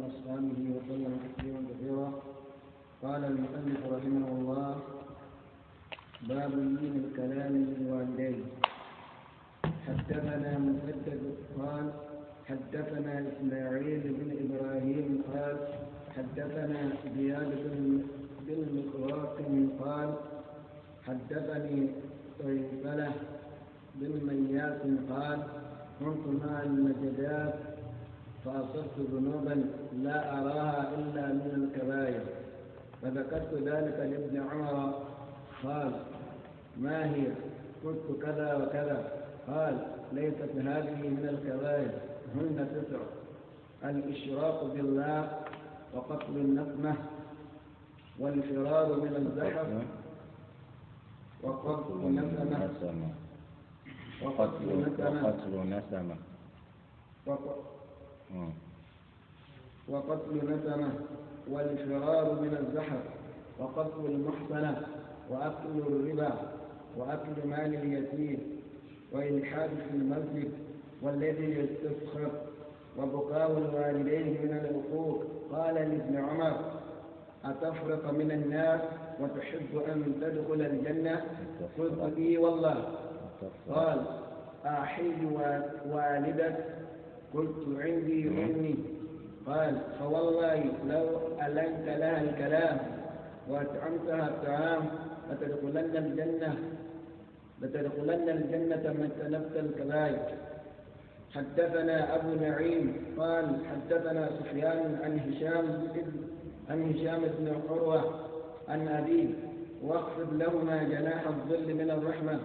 وأصحابه وسلم تسليما كثيرا قال المؤلف رحمه الله باب من الكلام للوالدين حدثنا مسدد قال حدثنا إسماعيل بن إبراهيم قال حدثنا زياد بن بن مقراقم قال حدثني طيبلة بن مياس قال كنت مع المجدات فأصبت ذنوبا لا أراها إلا من الكبائر فذكرت ذلك لابن عمر قال ما هي قلت كذا وكذا قال ليست هذه من الكبائر هن تسع الإشراق بالله وقتل النقمة والفرار من الزحف وقتل نسمة وقتل نسمة وقتل نسمة وقتل نسمة والفرار من الزحف وقتل المحصنة وأكل الربا وأكل مال اليتيم وإلحاد في المسجد والذي يستسخر وبقاء الوالدين من العقوق قال لابن عمر أتفرق من الناس وتحب أن تدخل الجنة قلت بي والله قال أحل والدك قلت عندي وعندي قال فوالله لو ألنت لها الكلام وأطعمتها الطعام لتدخلن الجنة لتدخلن الجنة من تنبت الكبائر حدثنا أبو نعيم قال حدثنا سفيان عن هشام عن هشام بن عروة عن أبيه واخفض لهما جناح الظل من الرحمة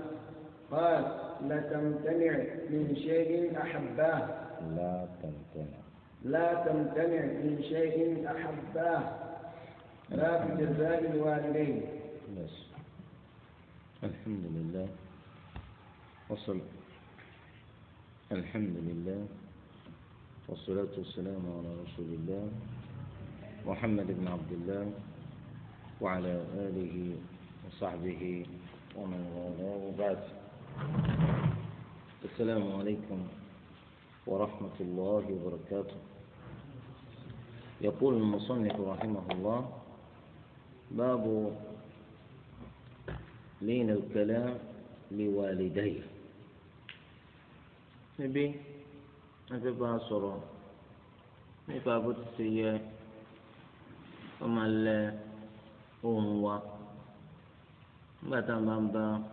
قال لتمتنع من شيء أحباه لا تمتنع لا تمتنع من شيء أحباه لا بجزاء الوالدين بس الحمد لله وصل الحمد لله والصلاة والسلام على رسول الله محمد بن عبد الله وعلى آله وصحبه ومن والاه وبعد السلام عليكم ورحمة الله وبركاته يقول المصنف رحمه الله باب لين الكلام لوالديه نبي نبي باصر نبي بابتسي وما لا هو ما تمام با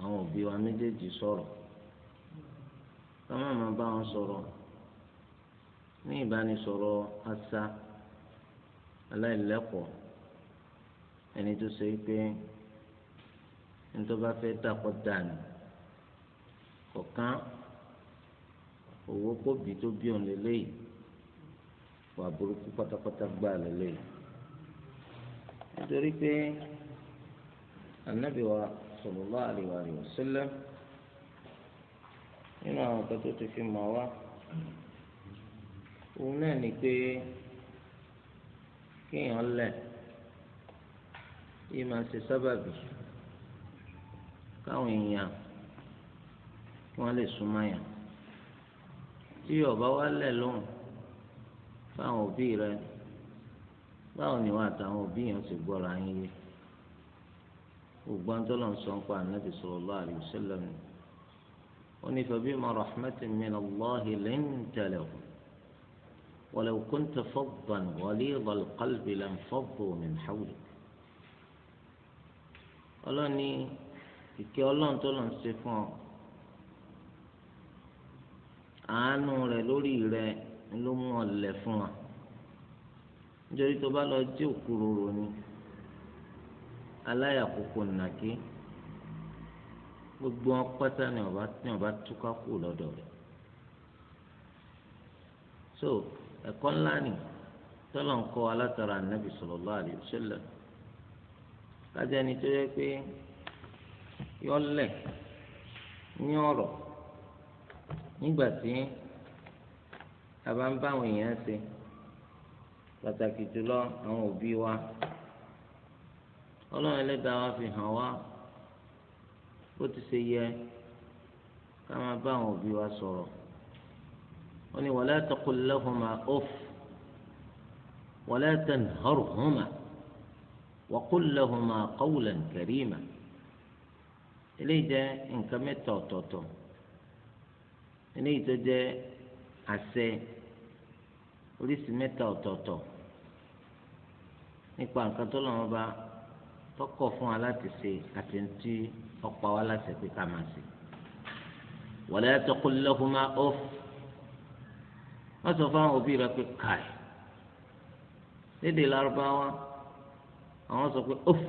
هو بيوامي جي صورو káwọn máa bá wọn sọ̀rọ̀ ní ìbánisọ̀rọ̀ asa aláìlẹ́kọ̀ọ́ ẹni tó ṣe pé ẹni tó bá fẹ́ dàpọ̀ dànù kọ̀ọ̀kan owó kóbi tó bí òun lélẹ́yìí wà burúkú pátápátá gbà lélẹ́yìí nítorí pé anábìwá sallallahu alaihi wa sallam nínú àwọn nǹkan tó ti fi mọ̀ wá òun náà ni pé kéèyàn lẹ̀ yìí máa ṣe sábàbí káwọn èèyàn kí wọ́n lè súnmọ́ yàn tí ọba wa lẹ̀ lóhùn fáwọn òbí rẹ̀ báwo ni wọn àtàwọn òbí yẹn ṣe gbọ́ra yín yé ògbọ́n tó lọ́n sọ ń pa ànábì sallallahu alaihi wasallam ni. وني فبما رحمة من الله لنت لهم ولو كنت فظا غليظ القلب لانفضوا من حولك ọlọ́ni ìkẹ́ ọlọ́run tó lọ́n ṣe fún ọ àánú rẹ̀ lórí rẹ̀ ló mú ọ lẹ̀ fún wa nítorí tó bá lọ jí òkúròrò ni aláyàkókò nàkí gbogbo wọn ni ọba ni ọba túká kù lọ́dọ̀ rẹ̀ so ẹ̀kọ́ ńlá ni tọlọ ń kọ́ alátara anabi sallallahu alaihi wasallam kájà ni tó yẹ pé yọlẹ ní ọ̀rọ̀ nígbà tí a bá ń bá àwọn èèyàn ṣe pàtàkì jùlọ àwọn òbí wa Ọlọ́run Ẹlẹ́dàá wa fi hàn wá bó ti ṣe yẹ ká máa bá àwọn òbí wa sọ̀rọ̀ wọ́n ní wala taqul lahuma uff wala tanharhuma waqul lahuma qawlan karima eléyìí jẹ́ nǹkan mẹ́ta ọ̀tọ̀ọ̀tọ̀ eléyìí tó jẹ́ àṣẹ oríṣi mẹ́ta ọ̀tọ̀ọ̀tọ̀ nípa nǹkan tó lọ́wọ́ bá tọkọ fún wa láti ṣe àti ntí ọ̀pá wa láti pé ká máa ṣe. wala taqul lahuma uff wọ́n sọ fún àwọn òbí rẹ pé káì lédè lárúbáwá àwọn sọ pé uff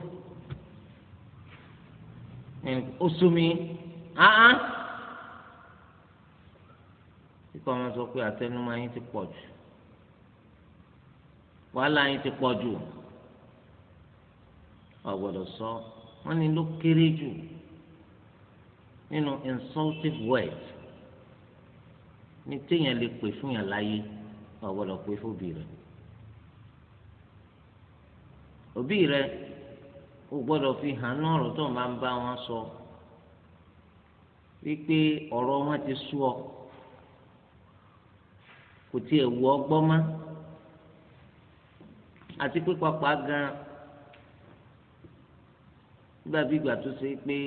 ó súnmi áhán kíkọ́ wọn sọ pé àtẹnumọ́ yín ti pọ̀ jù wàhálà yín ti pọ̀ jù. ọ̀gbọ́dọ̀ sọ wọ́n ní ló kéré jù nínú insultive words ní téèyàn lè pè fún yàn láyé ọ̀gbọ́dọ̀ pè òbí fi hàn náà ọ̀rọ̀ tó máa ń bá wọn sọ wípé wọn ti sú ọ kò tiẹ̀ wù ọ dàbí ìgbà tó ṣe pé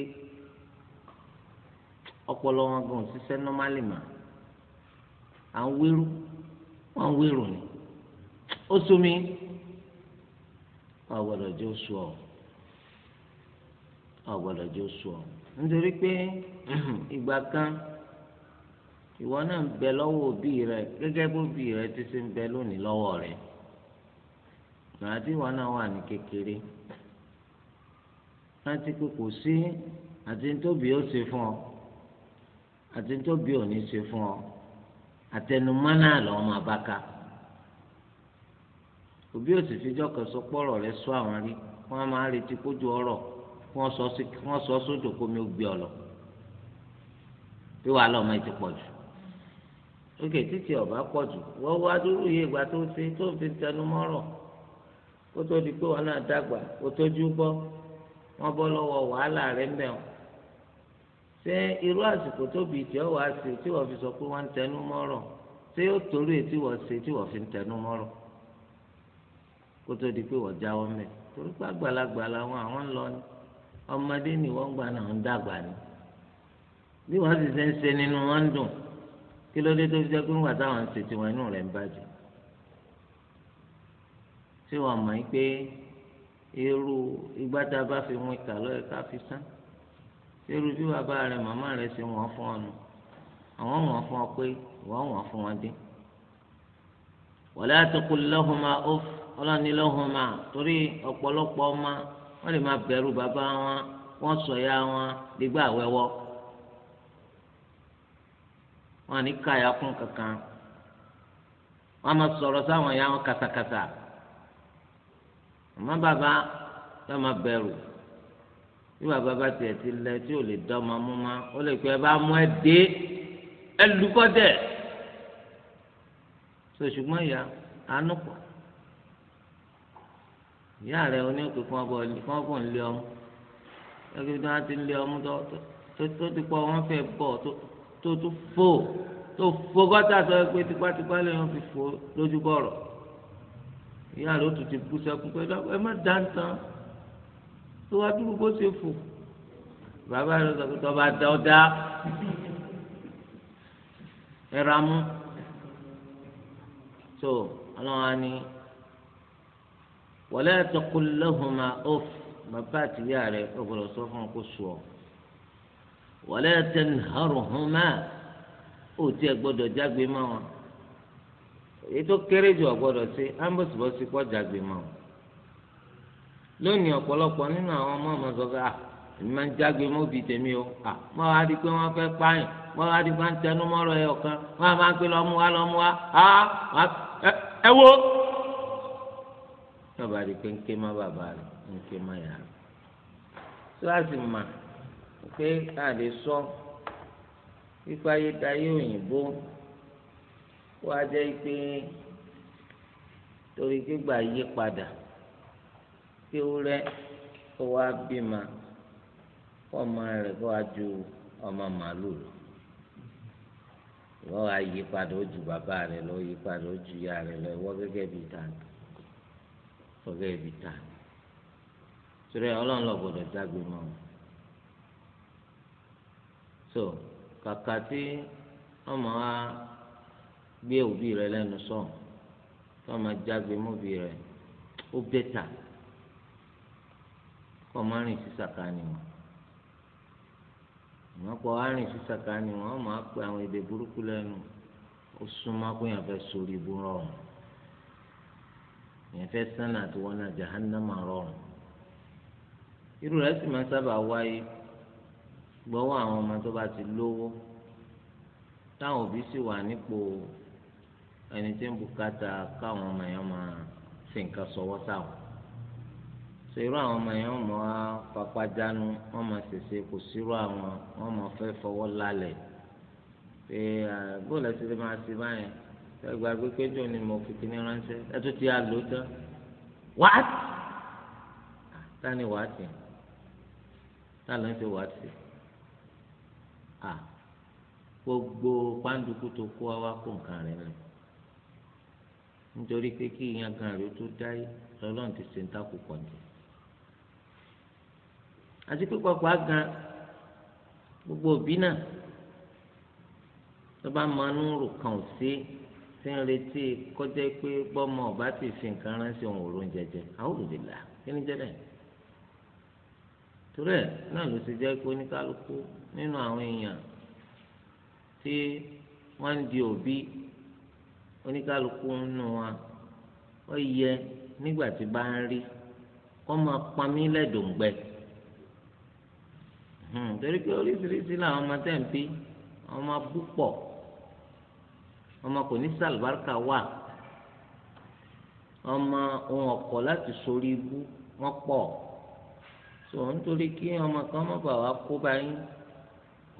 ọpọlọ wọn gan ṣiṣẹ́ nọ́málì mà à ń wérú wọn ń wérò ni ó sú mi ọ̀gbọ́dọ̀ jẹ́ oṣù ọ̀ ọ̀gbọ́dọ̀ jẹ́ oṣù ọ̀ nítorí pé ìgbà kan ìwọ náà ń bẹ lọ́wọ́ òbí rẹ gẹ́gẹ́ bó bí rẹ ti ṣe ń bẹ lónìí lọ́wọ́ rẹ àti ìwọ náà wà ní kékeré rántí pé kò sí àti nítòbí ó ṣe fún ọ àti nítòbí ò ní ṣe fún ọ àtẹnumọ́nà lọ́wọ́ máa bá ka òbí ò sì fijọ́ kan sọ pọ́rọ̀ rẹ sọ àwọn rí wọ́n á máa retí kójú ọ̀rọ̀ wọ́n sọ sódò kómi ó gbé ọ lọ bí wàá lọ́ọ́ máa ti pọ̀ jù ókè títí ọ̀bá pọ̀ jù wọ́n wá dúró yìí ìgbà tó ṣe tó fi tẹnumọ́rọ̀ kó tó di pé wọn náà dàgbà kó tójú gbọ́ wọ́n bọ́ lọ́wọ́ wàhálà rẹ̀ mẹ́wọ̀n ṣé irú àsìkò tóbi ìjọ wàá ṣe tí wọ́n fi sọ pé wọ́n ń tẹnu mọ́rọ̀ ṣé yóò torí ètí wọ́n ṣe tí wọ́n fi ń tẹnu mọ́rọ̀ kó tó di pé wọ́n jáwọ́ mẹ́ torí pé àgbàlagbà làwọn àwọn ń lọ ni ọmọdé ni wọ́n gbà náà ń dàgbà ni bí wọ́n sì ṣe ń ṣe nínú wọn ń dùn kí ló dé tó fi jẹ́ pé ńgbà táwọn ń ṣe tiwọn inú rẹ̀ ń bàjẹ́ ṣé wọ́n mọ̀ pé irú ìgbà tá a bá fi mú ìkà lọ́yẹ̀ ká fi tán irú bí bàbá rẹ màmá rẹ ṣe wọ́n fún ọ nù àwọn wọ́n fún ọ pé wọ́n wọ́n fún wọn dín. wala taqul lahuma uff ọlọ́ni ma torí ọ̀pọ̀lọpọ̀ ọmọ lè máa bẹ̀rù bàbá wọn sọ ya wọn dígbà wẹ́wọ́ wọn ní káyà kankan máa sọ̀rọ̀ sáwọn ya wọn àmọ́ bàbá yóò máa bẹ̀rù bí bàbá bá tiẹ̀ ti lẹ tí ò lè dá ọmọ mú ma ó lè pẹ́ bá mú ẹ dé ẹ lùkọ́ dẹ̀ so ṣùgbọ́n ìyá àánú pọ̀ ìyá rẹ̀ oníkè kan bọ̀ kan bọ̀ ń lé ọmú ẹgbẹ́ tí wọ́n ti ń lé ọmú tó ti pọ̀ wọ́n fẹ́ bọ̀ tó tó fò tó fò gọ́tà sọ pé tipátipá lè wọ́n fi fò lójú ìyá rẹ̀ ó tún ti bú sẹ́kún pé ẹ má dá ń tán tó wá dúró bó ṣe fò bàbá rẹ̀ sọ pé tó bá dá ọ dá ẹ ra mú tó ọlọ́wọ́n á ní wọlé ẹ̀tọ́kù lẹ́hùnmá ọ̀f bàbá àtìyá rẹ̀ ó gbọ́dọ̀ sọ fún ọ kó sùn ọ wọlé ẹ̀tẹ̀nhárùnmá ó tiẹ̀ gbọ́dọ̀ jágbe mọ́ wọn èyí tó kéré jù ọ̀gbọ́dọ̀ sí ambosibosi kọjá gbèmọ̀ lónìí ọ̀pọ̀lọpọ̀ nínú àwọn ọmọ ọmọ sọ pé à èmi máa ń jágbe mọ́ òbí tèmi o à mọ́ wá di pé wọ́n fẹ́ pààyàn mọ́ wá di pé wọ́n ń tẹnu mọ́rọ̀ ẹ̀ ọ̀kan wọ́n á máa ń pè lọ́mú wá lọ́mú wá á ẹ wo. bàbá rí i pé ń ké má bàbá rẹ̀ ń ké má yàrá rẹ̀ tó a sì mà pé a lè sọ pípa ayé dayé òyìnbó wá jẹ́ pé torí gbígbà yí padà kí ó rẹ́ kó wá bímọ kó ọmọ rẹ̀ kó wá ju ọmọ màlúù lọ ìwọ wá yí padà ó ju bàbá rẹ̀ lọ yí padà ó ju ìyá rẹ̀ lọ ìwọ gẹ́gẹ́ bíi ta gẹ́gẹ́ bíi ta torí ọlọ́run lọ gbọ́dọ̀ dágbé mọ́ ọ so kàkà tí ọmọ wa gbé òbí rẹ lẹ́nu sọ̀n kí wọ́n máa jágbe mọ́bí rẹ ó bẹ́tà kọ́ máa rìn sí sàkáàní wọn ìwọ́n pọ̀ á rìn sí sàkáàní wọn wọ́n máa pe àwọn èdè burúkú lẹ́nu ó súnmọ́ pé èèyàn fẹ́ sórí ibú rọrùn èèyàn fẹ́ sánà àti wọn náà jahannama rọrùn irú rẹ̀ sì máa sábà wáyé gbọ́wọ́ àwọn ọmọ tó bá ti lówó táwọn òbí sì wà nípò ẹni tí ń bùkátà káwọn ọmọ yẹn máa fi nǹkan sọwọ́ sáwọn so irú àwọn ọmọ yẹn wọn máa papá jánu wọn máa ṣèṣe kò sírú àwọn wọn máa fẹ́ fọwọ́ lálẹ̀ pé bóòlù ẹsẹ̀ lè máa ṣe báyẹn ẹgbẹ́ agbẹ́kẹ́jọ ni mo fi kíní ránṣẹ́ ẹ tún ti àlò tán wáátì tani wáátì tani ń ṣe wáátì à gbogbo pàǹdùkú tó kó wa kó nǹkan rẹ̀ lẹ́yìn. nítorí pé kí ìyangàn rẹ̀ tó dáyé ti ṣe ń takò pọ̀ jù àti gbogbo òbí náà tó bá máa ń rò kàn ó sí ọba ti fi nǹkan ránṣẹ́ òun òórùn jẹjẹ àwòrán-ìlà kí ni jẹ́ bẹ́ẹ̀ torí ẹ̀ náà ló ti jẹ́ pé oníkálukú oníkálukú nù wa ó yẹ nígbà tí bá ń rí kọ́ máa pa mí lẹ́dọ̀ǹgbẹ́ hmm, torí pé oríṣiríṣi làwọn ọmọ tẹ̀ ń bí ọmọ púpọ̀ ọmọ kò ní sàlùbáríkà wà ọmọ ohun ọ̀kọ̀ láti sórí ibú wọ́n pọ̀ tó nítorí kí ọmọ kan má bàa wá kó bá yín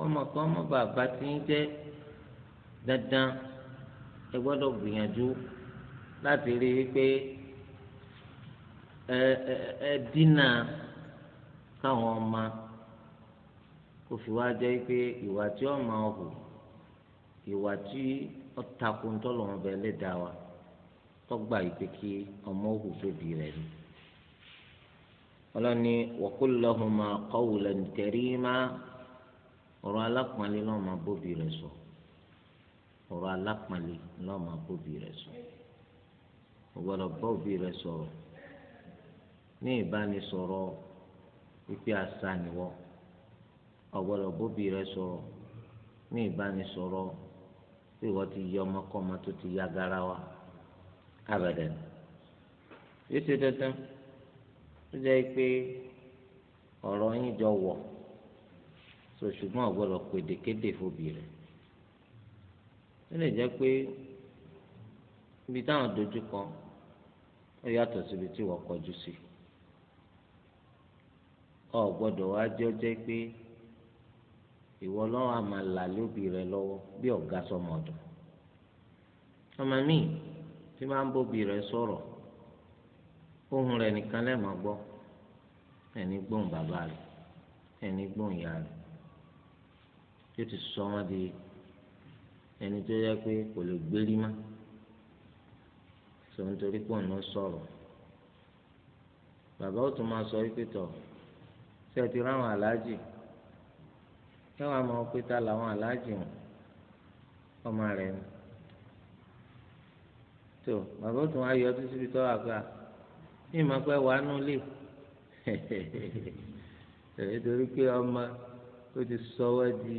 ọmọ kan má bàa bá ti ń jẹ́ dandan ẹ gbọ́dọ̀ gbìyànjú láti rí i pé ẹ ẹ ẹ dínà káwọn ọmọ kò fi wá jẹ́ pé ìwà tí ó máa hù ìwà tí ó ń tọ́lọ̀ wọn bẹ́ẹ̀ lè dá wa tọ́gbà ìpè kí ọmọ hù tóbi rẹ̀ ni. ọlọ́ni wa qul lahuma qawlan karima ọ̀rọ̀ alápọ̀nlé náà máa bóbi rẹ̀ sọ̀rọ̀. ọ̀rọ̀ alápọ̀nlé náà máa bóbi rẹ sọ o gbọ́dọ̀ bá òbí ní ìbánisọrọ wípé àṣà nìwọ o gbọ́dọ̀ bóbi rẹ̀ ní ìbánisọrọ pé ti yẹ ọmọkọ́mọ tó ti ya gara wa yóò ṣe dandan ó jẹ́ pé ọ̀rọ̀ yín jọ wọ̀ so ṣùgbọ́n o gbọ́dọ̀ pèdèkéde fòbí rẹ̀. ó lè jẹ́ pé ibi táwọn dojú kọ ó yàtọ̀ síbi tí wọ́n kọjú sí ọ gbọ́dọ̀ wá jẹ jẹ́ pé ìwọ lọ́wọ́ àmà là lóbi rẹ lọ́wọ́ bí ọ̀gá sọmọ ọ̀dọ̀ ọmọ mi tí máa ń bóbi rẹ sọ̀rọ̀ ohùn rẹ nìkan lẹ́ẹ̀mọ́ gbọ́ ẹni gbóhùn bàbá rẹ ẹni gbóhùn ìyá rẹ yóò ti sọ wọn di ẹni tó yẹ pé kò lè gbérí má sọ nítorí pọ̀ ní sọ̀rọ̀ bàbá ó tún máa sọ wípé tọ̀ ṣé ẹ ti ráwọn aláàjì káwọn àmọ́ pé ta làwọn aláàjì wọn ọmọ rẹ ni tó bàbá ó tún wá yọ ọtún síbi tó wà pé à ní ìmọ̀ pé wàá nú lè nítorí pé ọmọ ó ti sọ wá di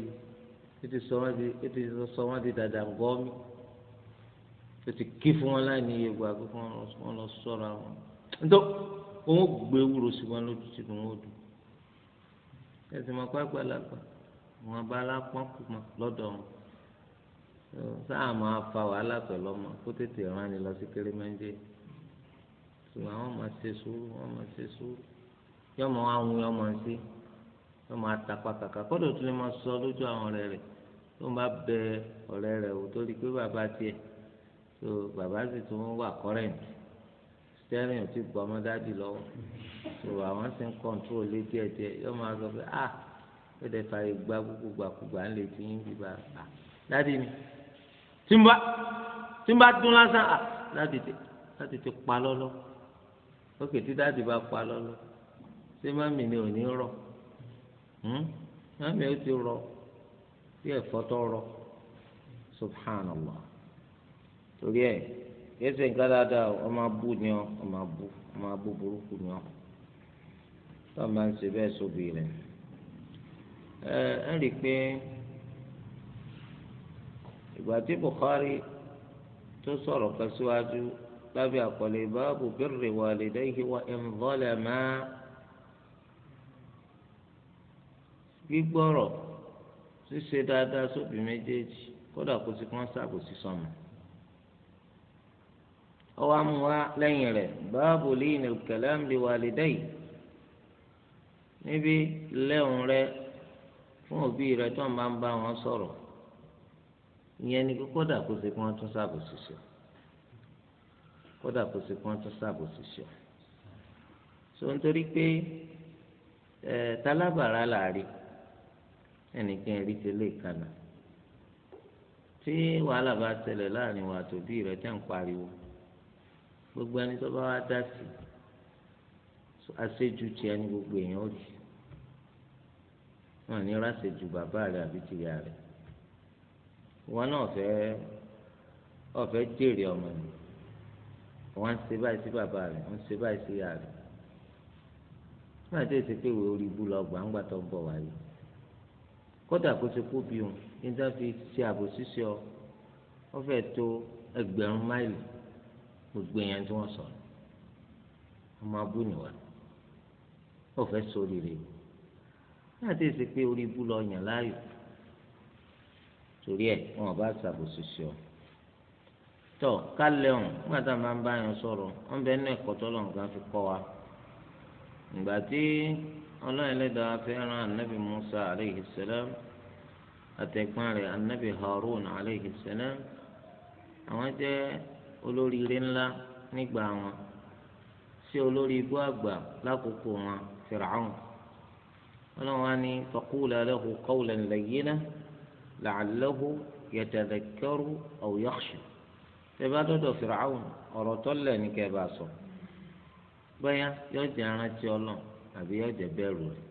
títí sọ wọn di títí sọ wọn di dàdà gọmi títí kí fún wọn láì ní iye gbà pé wọn lọ sọra wọn ntọ wọn gbé wúro sí wọn lójú tí wọn ò dùn ẹsẹ máa kó àgbàlagbà wọn bá lápọn kù mọ lọ́dọ̀ wọn sáà máa fa wàhálà pẹ̀lú ọmọ kó tètè rán ni lọ sí kérémẹjẹ ṣùgbọ́n àwọn máa ṣe sùúrù wọn máa ṣe sùúrù yọmọ àwọn yọmọ ń ṣe yọmọ àtàpàkàkà kọdọ tún lè máa sọ lójú àwọn ọ̀rẹ́ rẹ̀ tó ń bá bẹ ọ̀rẹ́ rẹ̀ wò tó di pé bàbá tiẹ̀ tó bàbá sì tún wà kọ́rẹ́ǹtì steering ò ti gbọ́ ọmọ dáàdì lọ́wọ́ tó àwọn sì ń kọ́ńtrol lé díẹ̀ yóò máa sọ pé ah ó dẹ̀ fààyè gba gbogbo gbàkúgbà ń lè fi yín bíbá à ah, dáàdì mi tí ń bá tí ń bá dún lásán à ah, dáàdì tẹ dáàdì tẹ pa lọ́lọ́ ókè tí dáàdì bá pa lọ́lọ́ ṣé ni ò ní rọ̀ mami ó ti rọ̀ bí ẹ̀fọ́ tọrọ subhanallah torí ẹ̀ yẹsẹ nǹkan dáadáa ọmọ abú ni ọ ọmọ abú ọmọ abú burúkú ni ọ tó o máa ń ṣe bẹ́ẹ̀ sóbì rẹ̀ ẹ ẹ rí i pé ìgbà tí Bukhari tó sọ̀rọ̀ kan síwájú lábẹ́ àkọlé báàbù birri walidayhi wa in zalama gbígbọ́rọ̀ ṣíṣe dáadáa sóbì méjèèjì kódà kó ti kàn ṣàbòsí sọmọ ọwọ́ amú wa lẹ́yìn rẹ̀ báàbò lẹ́yìn kalam li walidayi níbi lẹ́hùn rẹ fún òbí rẹ tó ń bá ń bá wọn sọ̀rọ̀ ìyẹn ni kódà kó ti kàn tún ṣàbòsí sọ kódà kó ti kàn tún ṣàbòsí sọ so nítorí pé ẹ̀ tálábàárà làárí ẹnìkan rí tẹ́lẹ̀ kànáà tí wàhálà bá ṣẹlẹ̀ láàrin wa àtòbí rẹ̀ tẹ̀ ń pariwo gbogbo ẹni tó bá wá dá sí aṣẹ́jú tiẹ̀ ní gbogbo èèyàn ó rí wọn ní ráṣẹ́jú bàbá rẹ̀ àbí tìyà rẹ̀ wọn náà fẹ́ ọ̀fẹ́ jèrè ọmọ mi wọn ń ṣe báyìí sí bàbá rẹ̀ wọn ń ṣe báyìí sí ìyá rẹ̀ wọn àti èsì pé ìwé orí ibú lọ gbàǹgbà tó ń bọ̀ wáyé kódà kó ti kú bí òun níta fi ṣe àbòsí sí ọ wọ́n fẹ́ tó ẹgbẹ̀rún máìlì gbogbo èèyàn tí wọ́n sọ̀rọ̀ ọmọ abú nìwà wọ́n fẹ́ sórí rẹ̀ láti ṣe pé orí ibú lọ yàn láàyò torí ẹ̀ wọn bá ṣàbòsí sí ọ tọ kálẹ̀ ọ̀hún nígbà tá a máa ń bá yàn sọ̀rọ̀ wọ́n bẹ ní ẹ̀kọ́ tọ́lọ̀ nǹkan fi kọ́ wa ìgbà tí ọlọ́run ẹlẹ́dàá fẹ́ràn anabi musa aleyhi salam àtẹ̀gbọ́n rẹ̀ anabi harun aleyhi salam àwọn jẹ́ olóríire ńlá nígbà wọn sí olórí ibú àgbà lákòókò wọn fìràwọn ọlọ́run wa ni faqula lahu qawlan layyina la'allahu yatadhakkaru aw yakhsha tẹ́bá dọ́dọ̀ fìràwọn ọ̀rọ̀ tọ́lẹ̀ ní kẹ́ sọ bẹ́ẹ̀ yọ jẹ́ arántí ọlọ́run. àbí ẹ̀jẹ̀ bẹ̀rù rẹ̀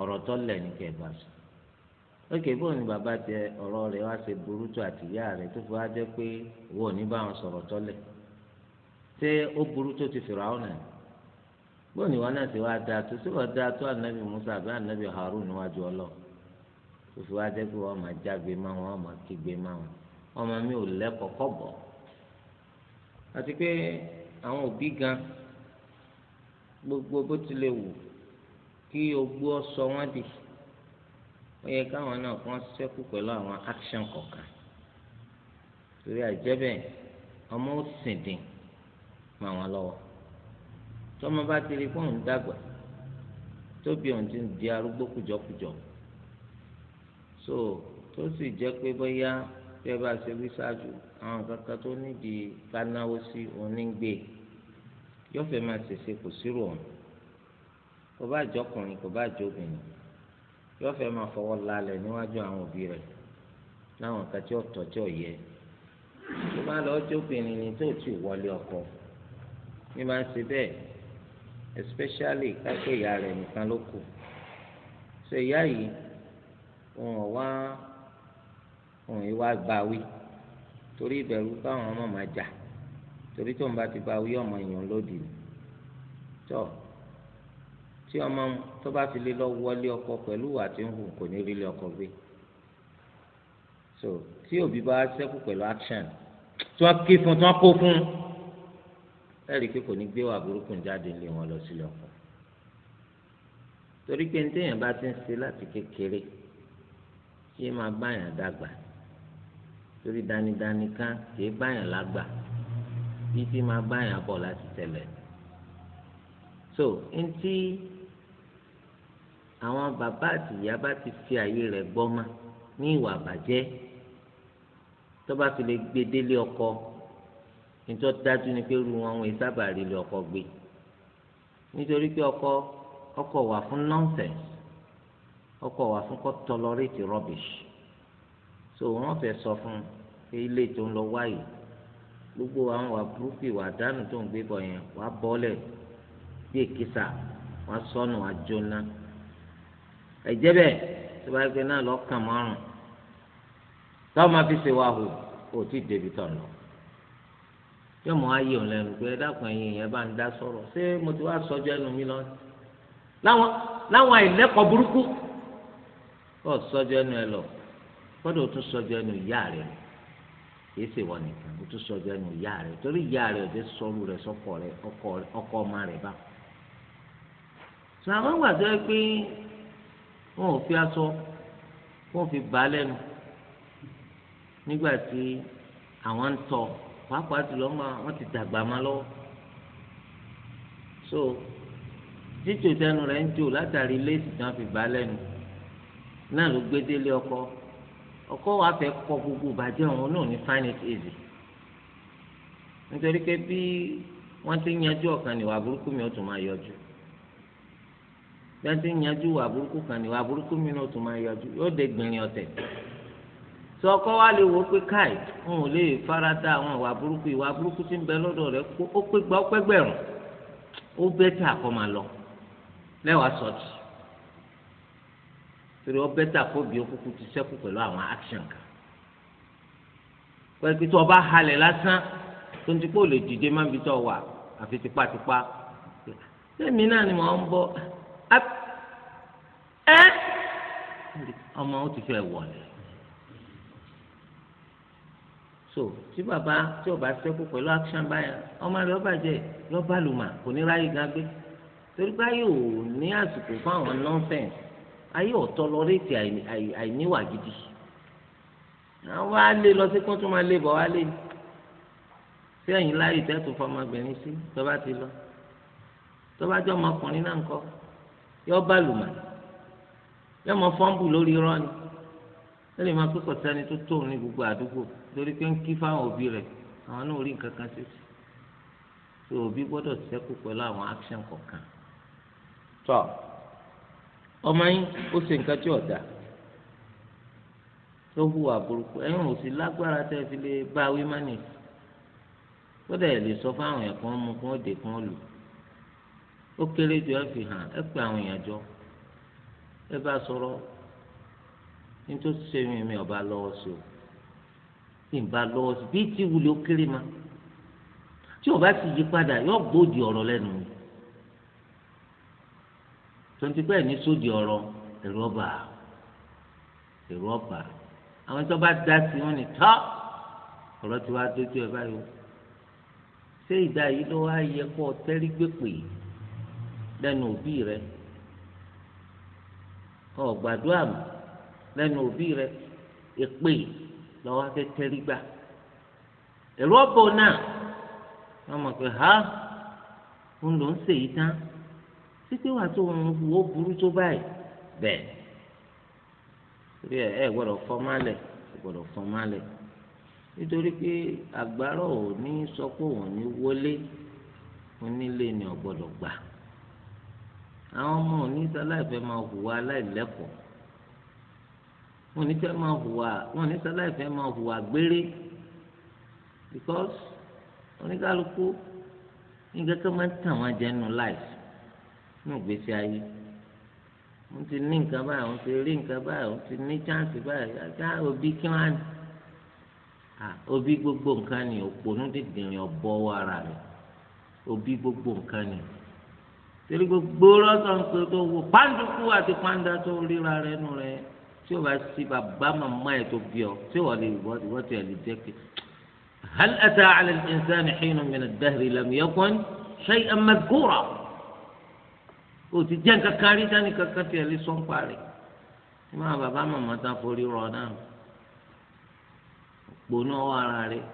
ọ̀rọ̀ tó lẹ̀ ní kẹ̀bà sùn bàbá jẹ ọ̀rọ̀ rẹ̀ wá ṣe burú tó àtìyá rẹ̀ tó fi pé owó ò ní bá wọn sọ̀rọ̀ tó lẹ̀ ṣé burú tó ti fìrà ọ̀nà bóun ni wọn náà ti wá dáa tó sí wọn tó ànábì Musa àbí ànábì pé máa jágbe má wọn máa má wọn mí ò bọ̀ àti pé àwọn òbí gbogbo bó tilẹ̀ wù kí ogbó sọ wọ́n di ó yẹ káwọn náà kàn ṣẹ́kù pẹ̀lú àwọn action kọ̀ọ̀kan torí àjẹ́bẹ̀ ọmọ ó sìn dín mọ́ àwọn lọ́wọ́ tọ́mọ bá ti rí fóun dàgbà tóbi ọ̀hún ti ń di arúgbó kùjọkùjọ so tó sì jẹ́ pé bóyá tẹ́ bá ṣe wí ṣáájú àwọn kankan tó nídìí kánáwó sí òun ní gbé e yọfẹ máa ṣèṣe kò sírò òun kò bá jọkùnrin kò bá jọbìnrin yọfẹ máa fọwọ́ lálẹ̀ níwájú àwọn òbí rẹ̀ láwọn kan tí ọ̀tọ̀ tí ò yẹ tó bá lọ jọbìnrin ni tó ti wọlé ọkọ ní máa ń ṣe bẹ́ẹ̀ especially kápẹ́ ìyá rẹ̀ nìkan ló kù ṣe ìyá yìí òun ọ̀wá òun ìwà gbàwí torí ìbẹ̀rù báwọn ọmọ máa jà torí tó ń bá ti bá wí ọmọ èèyàn lódì ni tó tí ọmọ tó bá ti lé lọ wọlé ọkọ pẹ̀lú ìwà tí ń hù kò ní rí lé ọkọ gbé so tí òbí bá ṣẹ́kù pẹ̀lú action tí wọ́n ké fún tí wọ́n kó fún ẹ rí i pé kò ní gbé wà burúkú jáde lé wọn lọ sílé ọkọ torí pé ní téèyàn bá ti ń ṣe láti kékeré kí ẹ máa báyàn dàgbà torí dánidáni kan kì í báyàn lágbà títí máa bá yàn bọ̀ láti tẹ̀lẹ̀ so ntí àwọn bàbá àti ìyá bá ti fi àyè rẹ̀ gbọ́ ma ní ìwà àbàjẹ́ tó bá fi lè gbé délé ọkọ nítorí dájú ni pé ru wọn wọn sábà rí lé ọkọ gbé nítorí pé ọkọ ọkọ wà fún nonsense ọkọ wà fún kó tolerate rubbish so wọn fẹ́ sọ fún ilé tó ń lọ wáyé gbogbo àwọn wà burúkú ìwà àdánù tó ń gbé bọ̀ yẹn wà bọ́lẹ̀ bí èkìsà wà sọnù àjọna ẹ̀jẹ̀ bẹ́ẹ̀ tó bá gbé náà lọ́kàn márùn táwọn máa fi ṣe wà hù kò tí ì débi tọ̀ lọ yóò mọ ayé òun lẹ́nu pé dákun ẹ̀yin yẹn bá ń dá sọ̀rọ̀ ṣé mo ti wá sọjọ́ ẹnu mi lọ láwọn láwọn àìlẹ́kọ̀ọ́ burúkú kò sọjọ́ ẹnu ẹ lọ gbọ́dọ̀ tún sọjọ́ ẹnu ìyá rẹ̀ lọ kìí ṣe wọn nìkan o tún sọjọ ẹnu ìyá rẹ torí ìyá rẹ ò dé sọrú rẹ sọkọ rẹ ọkọ ọmọ rẹ bá sọ àwọn gbàdúrà pé wọn ò fi aṣọ wọn ò fi bà á lẹ́nu nígbà tí àwọn ń tọ pàápàá jùlọ wọn ti dàgbà má lọ́wọ́ so títò tẹnu rẹ ń jò látàrí léèsì tí wọn fi bà á lẹ́nu náà ló gbé délé ọkọ ọkọ wa fẹ́ kọ gbogbo bàjẹ́ òun náà ní find it easy nítorí pé bí wọ́n ti ń yanjú ọ̀kan níwà burúkú mi ó tún máa yọjú bí wọ́n ti ń yanjú wà burúkú kan níwà burúkú mi náà ó tún máa yọjú yóò dé gbìnrín ọ̀tẹ̀ sọ ọkọ wa lè wò pé káì n ò lè fara da àwọn ìwà burúkú ìwà burúkú tí ń bẹ lọ́dọ̀ rẹ̀ ó pé gba ó pẹ́ gbẹ̀rún ó bẹ́tà kó máa lọ lẹ́wàá sọ̀tì torí ọ bẹ́tà kóbi okùnkùn ti sẹ́kù pẹ̀lú àwọn action kan pẹ̀lú tó o bá halẹ̀ lásán tó ń ti kó lè dìde má bi tó o wà àfi tipátipá sẹ́mi náà ni wọ́n ń bọ́ ẹ́ ọmọ ó ti fẹ́ wọlé so tí bàbá tí o bá sẹ́kù pẹ̀lú action báyà ọmọ rẹ̀ ọba jẹ́ lọ́ba lùmà kò ní ráyè gán gbé torí báyìí ò ní àsìkò fún àwọn nọ́ńsẹ̀nsì ayé ọ̀tọ́ lọ rétí àìníwà gidi àwọn wa lé lọ sí kótó máa lé bọ̀ wá lé sí ẹ̀yìn láyé tẹ́tù fọmọbìnrin sí tó bá ti lọ tó bá jẹ́ ọmọkùnrin náà ńkọ́ yọ bá lùmà yọ mọ fọ́ńbù lórí rọ́ọ̀nì ó lè máa pẹ́kọ̀ sẹ́ni tó tó ní gbogbo àdúgbò torí pé ń kí fáwọn òbí rẹ̀ àwọn náà rí nǹkan kan sí sí òbí gbọ́dọ̀ sẹ́kù pẹ̀lú àwọn action kọ̀ọ̀kan. tọ́ ọmọ yín ó ṣe nǹkan tí ọ̀dà tó hùwà burúkú ẹ̀yin ò sí lágbára tẹ́ fi lè bá wí mọ́nì kódà ẹ̀ lè sọ fáwọn èèyàn kan mú kún òde kan lù ó kéré jù ẹ fi hàn ẹ pé àwọn èèyàn jọ ẹ bá sọ̀rọ̀ nítorí ṣe mi mi ọba lọ́wọ́ sí o tí n bá lọ́wọ́ sí bí tí wulẹ̀ ó kéré ma tí o bá sì yí padà yóò gbòdì ọ̀rọ̀ lẹ́nu mi tonti pé ní sódì ọ̀rọ̀ èrò ọba èrò ọba àwọn tó bá dá sí wọn ni tọ́ ọ̀rọ̀ tí wàá dójú ẹ báyìí ṣé ìdá yìí ló wá yẹ kó o tẹ́rí gbé pè lẹ́nu òbí rẹ ọ̀gbàdúrà mọ́ lẹ́nu òbí rẹ èpè lọ́wọ́ fẹ́ tẹ́rí gbà èrò ọba náà wọ́n mọ̀ pé ha ń lò ń ṣèyí tán títí wàá tó ń wo burú tó báyìí bẹ́ẹ̀ torí ẹ ẹ gbọ́dọ̀ fọmálẹ ẹ gbọ́dọ̀ fọmálẹ nítorí pé àgbàrá ò ní sọ pé òun ní wọlé onílé ni ò gbọ́dọ̀ gbà àwọn ọmọ oníta láìpẹ́ máa hùwà aláìlẹ́kọ̀ọ́ wọn oníta máa hùwà wọn oníta láìpẹ́ máa hùwà gbére because oníkálukú nígbà tó máa ń tàn wọn jẹ nù láìsí nínú ìgbésí ayé wọ́n ti ní nǹkan báyìí wọ́n ti rí nǹkan báyìí wọ́n ti ní chance báyìí àti òbí kí wọ́n á ní. òbí gbogbo nǹkan ni òpònú dìgbìrín ọ̀bọ ara rẹ̀ òbí gbogbo nǹkan ni torí gbogbo lọ́sàn pé tó wo pàǹdùkú àti pàǹdà tó ríra rẹ̀ nù rẹ̀ tí o bá sí bàbá màmá ẹ̀ tó bí ọ tí wọ́n lè wọ́n ti ẹ̀ lè jẹ́ pé. هل أتى على الإنسان حين من الدهر لم يكن شيئا مذكورا o ti jẹ́ nǹkan kan rí dání kankan tiẹ̀ lé sọ́ńpa rẹ̀ ẹ máa bàbá màmá tán forí rọ náà gbóná ara rẹ̀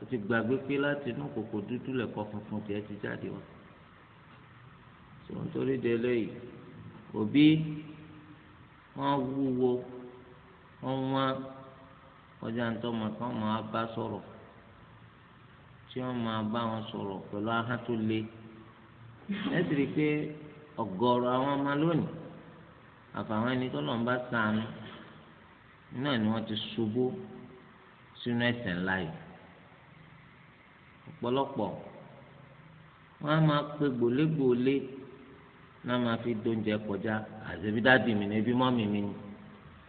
o ti gbàgbé pé láti inú kòkò dúdú lẹ̀kọ́ funfun tiẹ̀ ti jáde wá tó ń torí de eléyìí òbí wọn wúwo wọn wá ọjà ń tọmọ kí wọn máa bá sọ̀rọ̀ tí wọn máa bá wọn sọ̀rọ̀ pẹ̀lú ahọ́n tó le ẹ sì rí i pé ọ̀gọ̀rọ̀ àwọn ọmọ lónìí àfàwọn ẹni tó lọ ń bá sànù náà ni wọ́n ti ṣubú sínú ẹ̀ṣẹ̀ ńlá yìí ọ̀pọ̀lọpọ̀ wọ́n á máa pe gbòlégbòlé náà máa fi dóúnjẹ kọjá àṣẹbí dáàdì mi ni ẹbí mọ́mì mi ni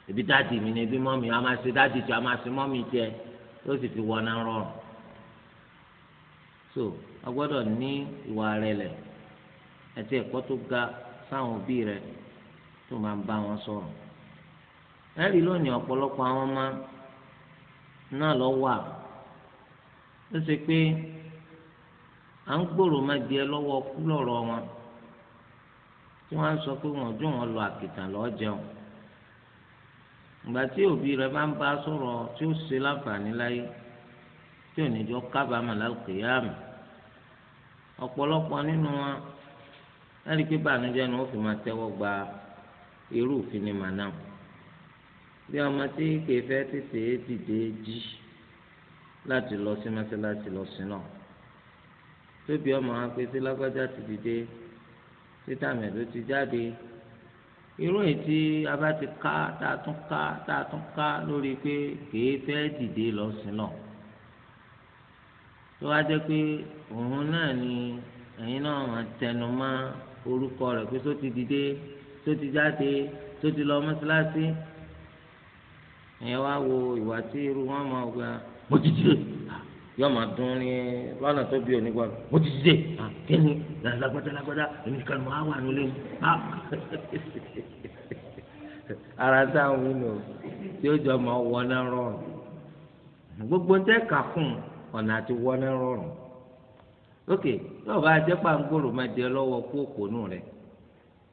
ẹbí dáàdì mi ni ẹbí mọ́mì a máa ṣe dáàdì tí a máa ṣe mọ́mì jẹ tó sì fi wọná rọrùn so a gbọ́dọ̀ ní ìwà rẹ̀ lẹ̀ àti ẹ̀kọ́ tó ga sáwọn òbí rẹ tó máa ń bá wọn sọ̀rọ̀ ẹ̀rí lónìí ọ̀pọ̀lọpọ̀ àwọn ọmọ náà lọ wà ó ṣe pé à ń gbòòrò má di ẹ lọ́wọ́ kú lọ́rọ̀ wọn tí wọ́n á sọ pé wọ́n dùn wọn lọ àkìtàn lọ́ọ́ jẹun ìgbà tí òbí rẹ bá ń bá sọ̀rọ̀ tí ó ṣe láǹfààní láyé tí ò ní jọ kábàámà lálùkìyàmù ọ̀pọ̀lọpọ̀ nínú wọn láti pé bàánújẹ́ ni wọ́n fi máa tẹ́wọ́ gba irú òfin ni màná bí ọmọ tí kìí fẹ́ tètè dìde jí láti lọ sí mọ́sálásí lọ sí náà tóbi ọmọ wa pé sí lágbájá ti dìde títà mẹ́lò ti jáde irú èyí tí a bá ti ká tá a tún ká tá a tún ká lórí pé kìí fẹ́ dìde lọ sí náà tó wá jẹ́ pé òun náà ni ẹ̀yin náà máa tẹnu mọ́ orúkọ rẹ̀ pé sóti dìde sóti jáde sóti lọ mọ́sálásí ẹ̀yẹ wá wo ìwà tí irú wọn máa gba mo ti dìde ah, yóò máa dún ní lọ́nà tó bí òní gbà mo ti dìde ah, kí ni lágbádá lágbádá èmi kan máa wà nílé mi ah. ara tá a wí nù tí ó jọ máa wọná rọrùn gbogbo ń tẹ́ kà fún ọ̀nà àti wọná rọrùn ok yóò bá jẹ́ pàǹgòrò máa jẹ lọ́wọ́ kú òpònú rẹ̀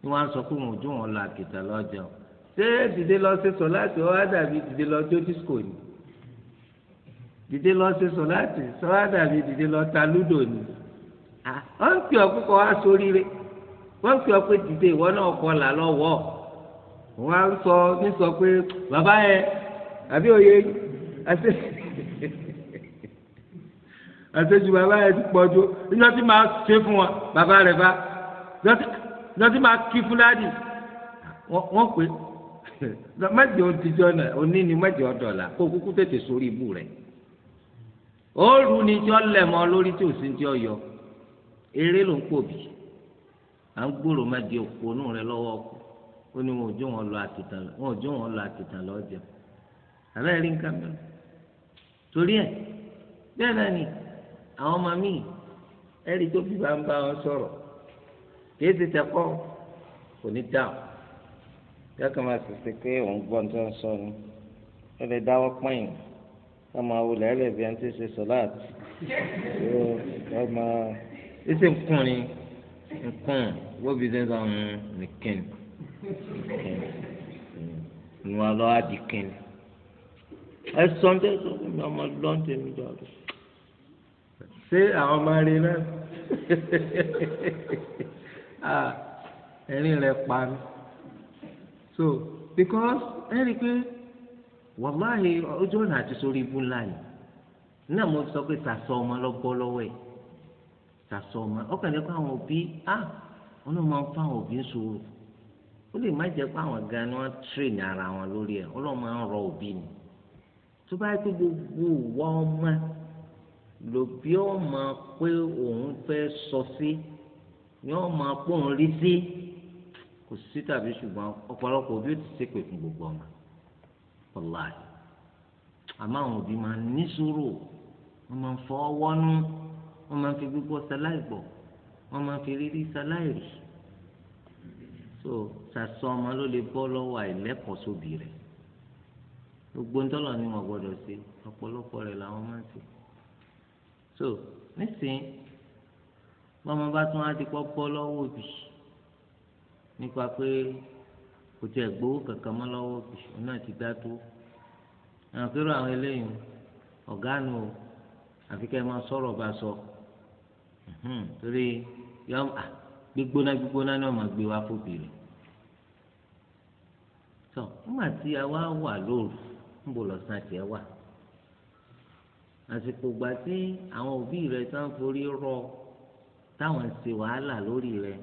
ni wọ́n á sọ pé òun ò dùn wọn la àkìtà lọ́jọ́ ṣé dìde lọ sí sọ láti ọ́ dàbí dìde lọ jó disco ni dìde lọ sí sọ láti sọ wá dàbí dìde lọ ta lúdò ni wọ́n ń pè ọ́ pé kọ́ wá sóríire wọ́n ń pè ọ́ pé dìde ìwọ náà kọ́ là lọ́wọ́ wọ́n á sọ ní sọ pé bàbá yẹn àbí òye àti àtẹjú bàbá rẹ ti pọ̀jù ìjọ tí máa ṣe fún wọn bàbá rẹ bá ìjọ tí máa kí fúládì wọn pè mẹjọ tijọ náà òní ni mẹjọ dọlà kó kúkú tètè sórí ibú rẹ òòrù ni tí wọn lẹ̀ mọ́ lórí tí òsín tí ó yọ eré ló ń pò bì à ń gbòòrò mẹjọ òpónú rẹ lọ́wọ́ kù ó ní wọn ò jó wọn lọ àtìtàn lọ àbẹ́rẹ́ rí nǹkan mẹ́rin torí ẹ̀ bẹ́ẹ̀ náà ni àwọn ọmọ mi ẹ̀rí tó fi bá ń bá wọn sọ̀rọ̀ kìí ti tẹ̀kọ́ kò ní dáhùn yàtọ̀ máa ṣèṣe pé òun gbọ́ tó ń sọ ni ó lè dáwọ́ pọ́yìn ká máa wulẹ̀ ẹ̀ lẹ́bi ẹni tí ń ṣe sọ̀láàtì ó máa ó sì ń kún ni ń kún wọ́bi ṣe ń sọ ọ̀hún nìkan nìkan ìwọ̀n lọ́wọ́ adìkan ẹ sọ ń tẹ́sọ̀ mi ọmọ lọ́ńtẹ̀mí dọ̀rọ̀ ṣé àwọn máa rí náà ah ẹ̀rín rẹ̀ pa mi so because ẹ rí i pé wàláhì ojú ọ̀nà àti sórí ibú ńlá yìí náà mo sọ pé sàṣọ ọmọ lọ́gbọ́ lọ́wọ́ ẹ̀ sàṣọ ọmọ ọkàn jẹ́ pé àwọn òbí ah wọn náà máa ń fún àwọn òbí ń sòrò ó lè má jẹ́ pé àwọn gan ni wọ́n train ara wọn lórí ẹ̀ ọlọ́run máa ń rọ òbí ni tó bá yẹ pé gbogbo ìwà ọmọ lòbí ó máa pé òun fẹ́ sọ sí ni ó máa pé òun rí sí kò sí tàbí ṣùgbọ́n ọ̀pọ̀lọpọ̀ òbí ó ti ṣépè fún gbogbo ọmọ ọ̀la àmọ́ àwọn òbí máa ní sùúrù wọ́n máa ń fọwọ́ wọ́nú wọ́n máa ń fi gbígbọ́ ṣaláìgbọ́ wọ́n máa ń fi rírí ṣaláìrì so sàṣọ ọmọ ló lè bọ́ lọ́wọ́ àìlẹ́kọ̀ọ́ sóbì rẹ̀ gbogbo ńtọ́lọ́ ni wọ́n gbọ́dọ̀ ṣe ọ̀pọ̀lọpọ̀ rẹ̀ làwọn máa ń ṣe. so nísìnyí bọ́mọ bá tún á ti kọ́ bọ́ lọ́wọ́ egbo nípa pé kò tiẹ̀ gbowó kankan mọ́ lọ́wọ́ òbí òun náà ti dá tó àwọn akérò àwọn eléyìí o àfi sọ torí gbígbóná gbígbóná ni wọ́n máa gbé wá tí wà lóru ń bò lọ́sàn-án àsìkò gbà tí àwọn òbí rẹ tán forí rọ táwọn ń ṣe wàhálà lórí rẹ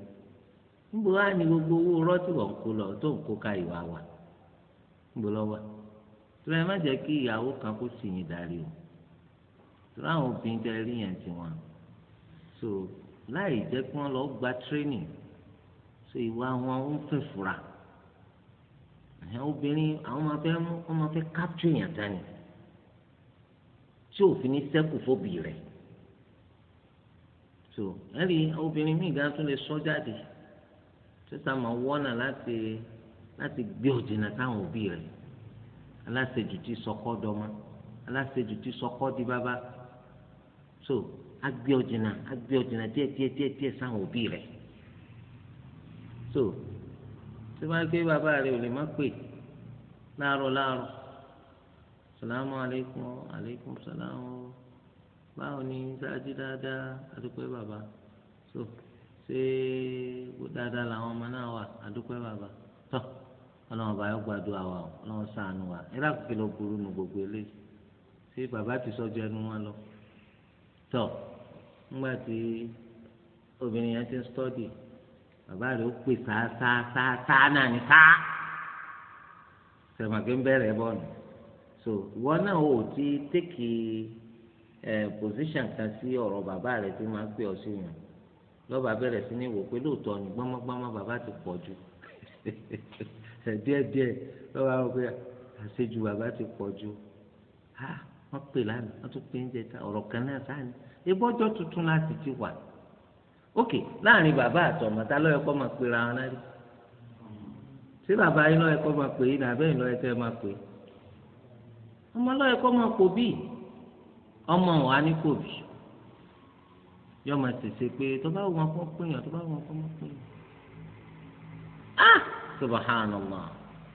níbo wá ní gbogbo owó irọ́ tí wọ́n ń kó lọ tó ń kó ka ìwà wà níbo lọ wà má jẹ́ kí ìyàwó kan kó sì yín darí o tó láwọn obìnrin tẹ rí yẹn tiwọn so láì jẹ́ kí wọ́n lọ gba training so ìwà wọn ó fẹ́ fura obìnrin àwọn ọmọ fẹ́ mú ọmọ fẹ́ capture yàn dání tí òfin ní sẹ́kù fóbi rẹ̀ so ẹ̀rí obìnrin míì gan tún lè sọ jáde tó sá máa wọ́nà láti láti gbé òjìnà táwọn òbí rẹ̀ aláṣejù tí sọkọ́ dọ́mọ aláṣejù tí sọkọ́ di bàbá so agbé òjìnà agbé òjìnà díẹ̀ díẹ̀ díẹ̀ díẹ̀ sáwọn òbí rẹ̀ so tí wọ́n á gbé bàbá rẹ̀ ò lè má pè láàárọ̀ láàárọ̀ sàlámù aleykum aleykum sàlámù báwo ni sáájú dáadáa adúpẹ́ bàbá so ṣé dáadáa làwọn ọmọ náà wà adúpẹ́ bàbá tọ́ ọlọ́run ọba yóò gbàdúrà wa ọlọ́run ṣàánú wa ẹ̀rọ àkùkẹ́ lọ burú nu gbogbo eléyìí ṣé bàbá ti sọ́jú ẹnu wọn lọ tọ́ nígbà tí obìnrin yẹn ti ń stọ́dì bàbá rẹ̀ ó pè sáá sáá sáá náà ní sáá sẹ̀mọ̀kẹ́ ń bẹ̀rẹ̀ bọ́ọ̀nù. so ìwọ náà ò ti tẹ́kì ẹ pòsíṣàn kan sí ọ̀rọ̀ bàbá rẹ tí máa pè ọ́ sí wọn lọ́ba sí ní wò pé lóòótọ́ ni bàbá ti pọ̀ jù díẹ̀ díẹ̀ lọ́ba wò pé àṣejù bàbá ti pọ̀ jù ha wọ́n pè lánàá wọ́n tún pè ń jẹ ta ọ̀rọ̀ kan náà sáà ni ebọ́jọ́ tuntun láti ti wà ok láàrin bàbá àtọmọ ta yẹ kó máa wọn náà rí bàbá yín yẹ kó ọmọ lọ́yẹ kọ́ máa pò bí ọmọ wa ní pò bí yọ máa tètè pé tó bá wọn kọ́ péyàn tó bá wọn kọ́ máa péyàn ah subhanallah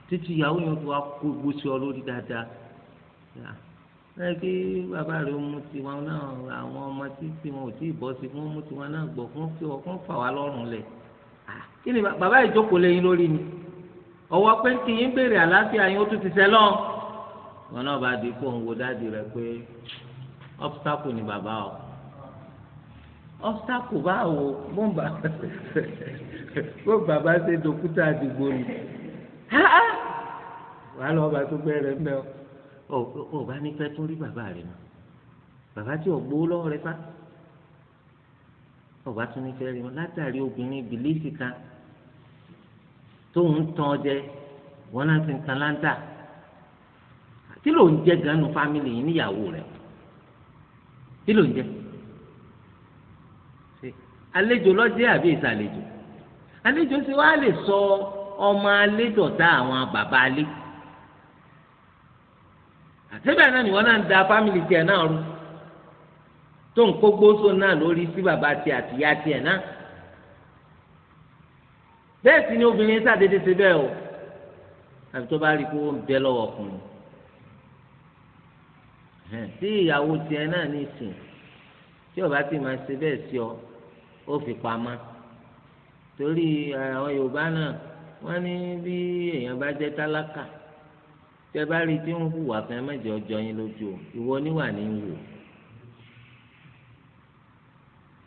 títí ìyàwó yẹn tó wá kó gbó sí ọ lórí dáadáa náà kí bàbá rẹ̀ mú tiwọn náà àwọn ọmọ títí wọn ò tí ì bọ́ sí wọn mú tiwọn náà gbọ́ fún kí wọn kàn fà wá lọ́rùn lẹ̀ ah! kí ni bàbá ìjókòó lẹ́yìn lórí ni ọwọ́ pé kí yín béèrè àlàáfíà yín ó tún ti sẹ́ lọ́n wọn náà bá di kó ń wo dáàdi rẹ pé obstacle ni bàbá o obstacle báwo bọ́ǹbà bó bàbá ṣe dókítà àdìgbò ni wàá lọ bá tó bẹ̀rẹ̀ mẹ́ o ò bá ní fẹ́ tún rí bàbá rẹ mọ́ bàbá tí ò gbowó lọ́wọ́ rẹ fáà ọba tún ní fẹ́ rí wọn látàrí obìnrin bìlíìsì kan tóun tán jẹ wọn náà ti ń tan láńtà kí ló ń jẹ ganu fámìlì yìí níyàwó rẹ kí ló ń jẹ àlejò lọjẹ àbí ìsàlejò àlejò sì wá lè sọ ọmọ àlejò tá àwọn bàbá alé àtẹ́bẹ̀ náà ni wọ́n náà ń da fámìlì tiẹ̀ náà rú tó ń kó gbóso náà lórí sí bàbá tiẹ̀ àtìyá tiẹ̀ náà bẹ́ẹ̀ sì ni obìnrin sàdédé ṣe bẹ́ẹ̀ o àbí tó bá rí i pé ń bẹ lọ́wọ́ ọkùnrin tí ìyàwó tiẹ̀ náà ní ìsìn tí ó bá ti máa ṣe bẹ́ẹ̀ sí ọ ó fi pamọ́ torí àwọn Yorùbá náà wọ́n ní bí èèyàn bá jẹ́ tálákà tẹ́ bá rí tí ń hùwà kan mẹ́jọ ọjọ́ yín lójú o ìwọ níwà ní wò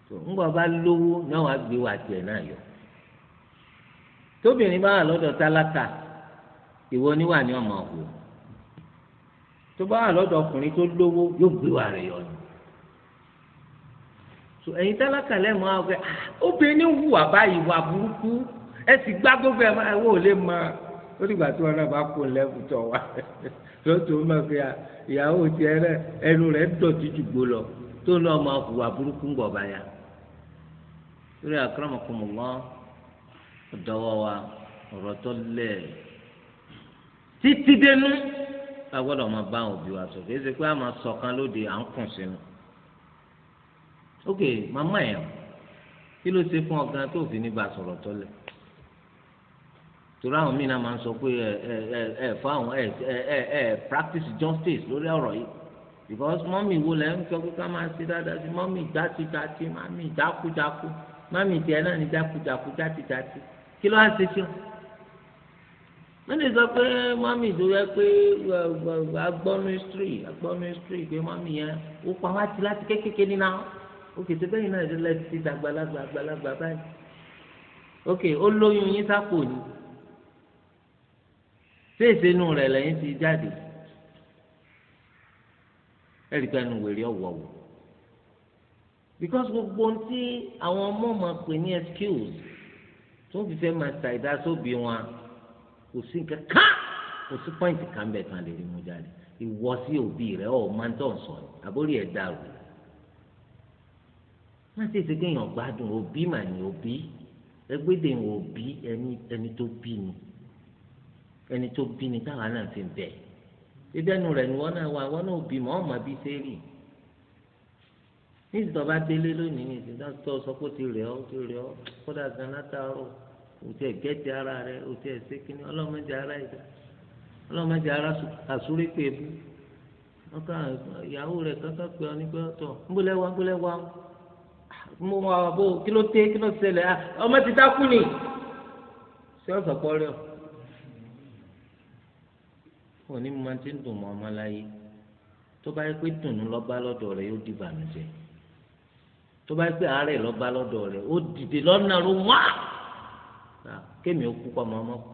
tó ńgbà bá lówó náà wàá gbé wà tiẹ̀ náà yọ tóbìnrin bá wà lọ́dọ̀ tálákà ìwọ níwà ní ọmọ òwò tó bá wà lọ́dọ̀ ọkùnrin tó lówó yóò gbé wà rẹ̀ yọ so ẹ̀yin tálákà lẹ́mọ̀ àwọn ọ̀gbẹ́ ah, obìnrin ń hùwà báyìí wà burúkú ẹ sì gbá gbogbo ẹ̀ máa wò lè mọ lórí ìgbà tí wọn náà bá kó lẹ́bù tọ̀ wá lọ́tọ̀ ó máa fi ìyàwó tiẹ̀ rẹ̀ ẹnu rẹ̀ dọ̀tí jù gbó lọ tó náà máa hùwà burúkú ń bọ̀ lórí àkàràmọ̀kùnmọ̀ ọ̀dọ́wọ́ wa ọ̀rọ̀ tó lẹ̀ títí dénú a gbọ́dọ̀ máa bá àwọn òbí wa sọ kìí ṣe pé a máa sọkan lóde à ń kùn sínú. ok màmá ẹ̀ kí ló ṣe fún ọ̀gá tó fi nígbà sọ̀rọ̀ tọ́lẹ̀ torí àwọn míì náà máa ń sọ pé ẹ ẹ ẹ fáwọn ẹ ẹ ẹ practice justice lórí ọ̀rọ̀ yìí because mọ́mì wo lẹ́ ń sọ pé ká máa ṣe dáadáa sí mọ́mì játijáti mọ́mì jákujáku mọ́mì tiẹ̀ náà ní jákujáku játijáti kí ló á ṣe sí ọ mẹ́lẹ̀ sọ pé mọ́mì tó yẹ pé agbọ́nú history agbọ́nú history pé mọ́mì yẹn ó pa wá ti láti kékeré nínú àwọn òkè tó bẹ́yìn náà ìdílé ti dàgbàlagbà àgbàlagbà báyìí òkè ó lóyún yín sápò ni fèsì inú rẹ̀ lẹ́yìn ti jáde ẹ̀rí pé ẹnu ọ̀wọ̀wọ̀ because gbogbo ohun tí àwọn ọmọ máa pè ní excuse tó fi fẹ́ máa ṣàìdá sóbì wọn kò sí nǹkan ká kò sí pọ́ìntì kan bẹ̀ tán lè rí mu jáde ìwọ sí òbí rẹ ọ̀ máa ń tọ̀ sọ ni àbórí ẹ̀ dàrú má ṣe ṣe kéèyàn gbádùn òbí mà ní òbí ẹgbẹ́dẹ̀ òbí ẹni ẹni tó bí ni ẹni tó bí ni táwa náà fi bẹ̀ ìbẹ́nu rẹ̀ ni wọ́n náà wà wọ́n náà bí mọ́ ọmọ bí sẹ́rì ní ìsìtọ́ bá délé lónìí ní ìsìtọ́ sọ pé ó ti rẹ̀ ó ti rẹ̀ ọ́ kódà gan látàárọ̀ òtí ẹ̀gẹ́tì ara rẹ òtí ẹ̀sẹ̀ kínní ọlọ́mọdé ara ẹ̀dá ọlọ́mọdé ara àsúrí pé ebú wọ́n ìyàwó rẹ̀ kankan pé ọ nígbà tó mo wà bó kí ló dé kí ah, ọmọ ti dákú ni ṣé ọ̀sán pọ̀ ò ní mo ti ń dùn mọ́ ọmọ láyé tó bá yẹ pé di bànújẹ́ tó bá yẹ pé àárẹ̀ lọ́ba lọ́dọ̀ rẹ̀ ó dìde lọ́nà ló kémi ó kú kọ́ ọmọ ọmọ kù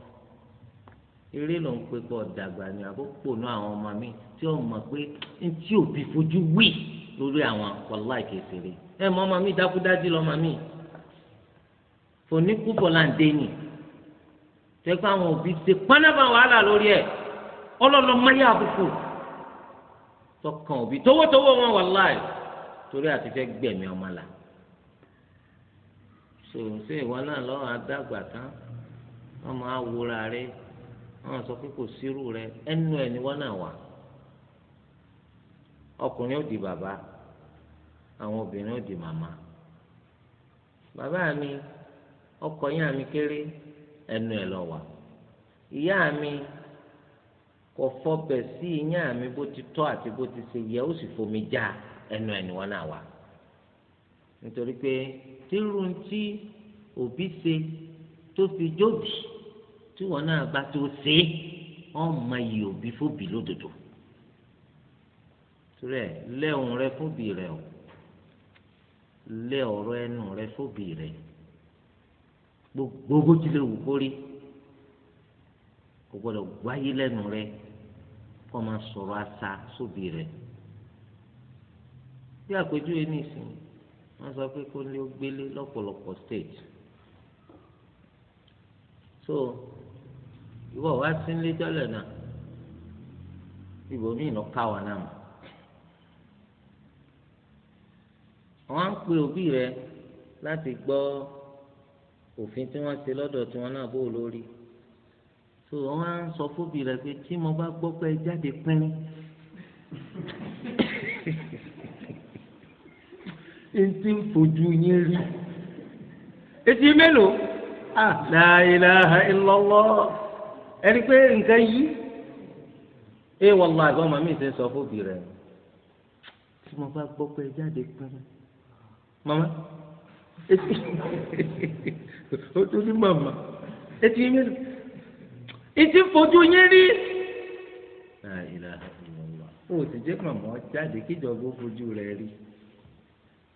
eré ló ń pe pọ̀ dàgbà ni àkókòónú àwọn ọmọ mi tí ó mọ̀ pé ntí òbí fojú wí lórí àwọn àkọlá ìkẹsẹ̀rẹ̀ ẹ mọ ọmọ mi dákúdájú lọmọ mi oníkúbọ̀ là ń dé ni tẹ́gbà àwọn òbí ṣe pánábà wàhálà lórí ẹ̀ ọlọ́lọ́ máyà àbùkù tọkàn òbí tówótówó wọn wà láì torí àti fẹ́ gbẹ̀mí ọmọ là ṣòwò ṣe ìwọ náà lọ́wọ́ adágbà tán wọ́n máa wúra rẹ wọ́n sọ pé kò sírù rẹ ẹnu ẹ̀ ni wọ́n náà wà ọkùnrin ó di bàbá àwọn obìnrin ó di màmá bàbá mi ọkọ yín àmì kéré ẹnu ẹ̀ lọ wà ìyá mi kò fọbẹ̀ sí ìyá mi bó ti tọ́ àti bó ti ṣe yẹ ó sì fomi já ẹnu ẹ̀ ni wọ́n náà wà nítorí pé tírun tí òbí ṣe tó fi jóbi tí wọn náà bá tó ṣe é wọn mọ iye òbí fóbi lódodo torí ẹ lẹ́hùn rẹ fóbi rẹ o lé ọ̀rọ̀ ẹnu rẹ fóbi rẹ gbogbo bó tilẹ̀ wù kórí kò gbọdọ̀ gbáyé lẹ́nu rẹ kó máa sọ̀rọ̀ àṣà sóbi rẹ bí àpèjúwe ní ìsìn wọn sọ pé kó ní ó gbélé lọ́pọ̀lọpọ̀ stage so ìwọ wá sí ilé tẹ́lẹ̀ náà ibòmíì lọ ká wa náà mọ̀ wọ́n á ń pe òbí rẹ láti gbọ́ òfin tí wọ́n ṣe lọ́dọ̀ tí wọ́n náà bó lórí tó wọ́n á ń sọ fóbi rẹ pé tí mo bá gbọ́ pé jáde pínrín etí ń fojú yín rí etí mélòó ah la ilaha illallah ẹni pé nǹkan yí ẹ wàllá àgbà ọmọ mi ṣe sọ fóbi rẹ tí mo bá gbọ́ pé jáde pẹ́rẹ́ mama etí o tún ní mama etí yín mélòó etí fojú yín rí o sì jẹ́ màmá jáde kíjọba fojú rẹ rí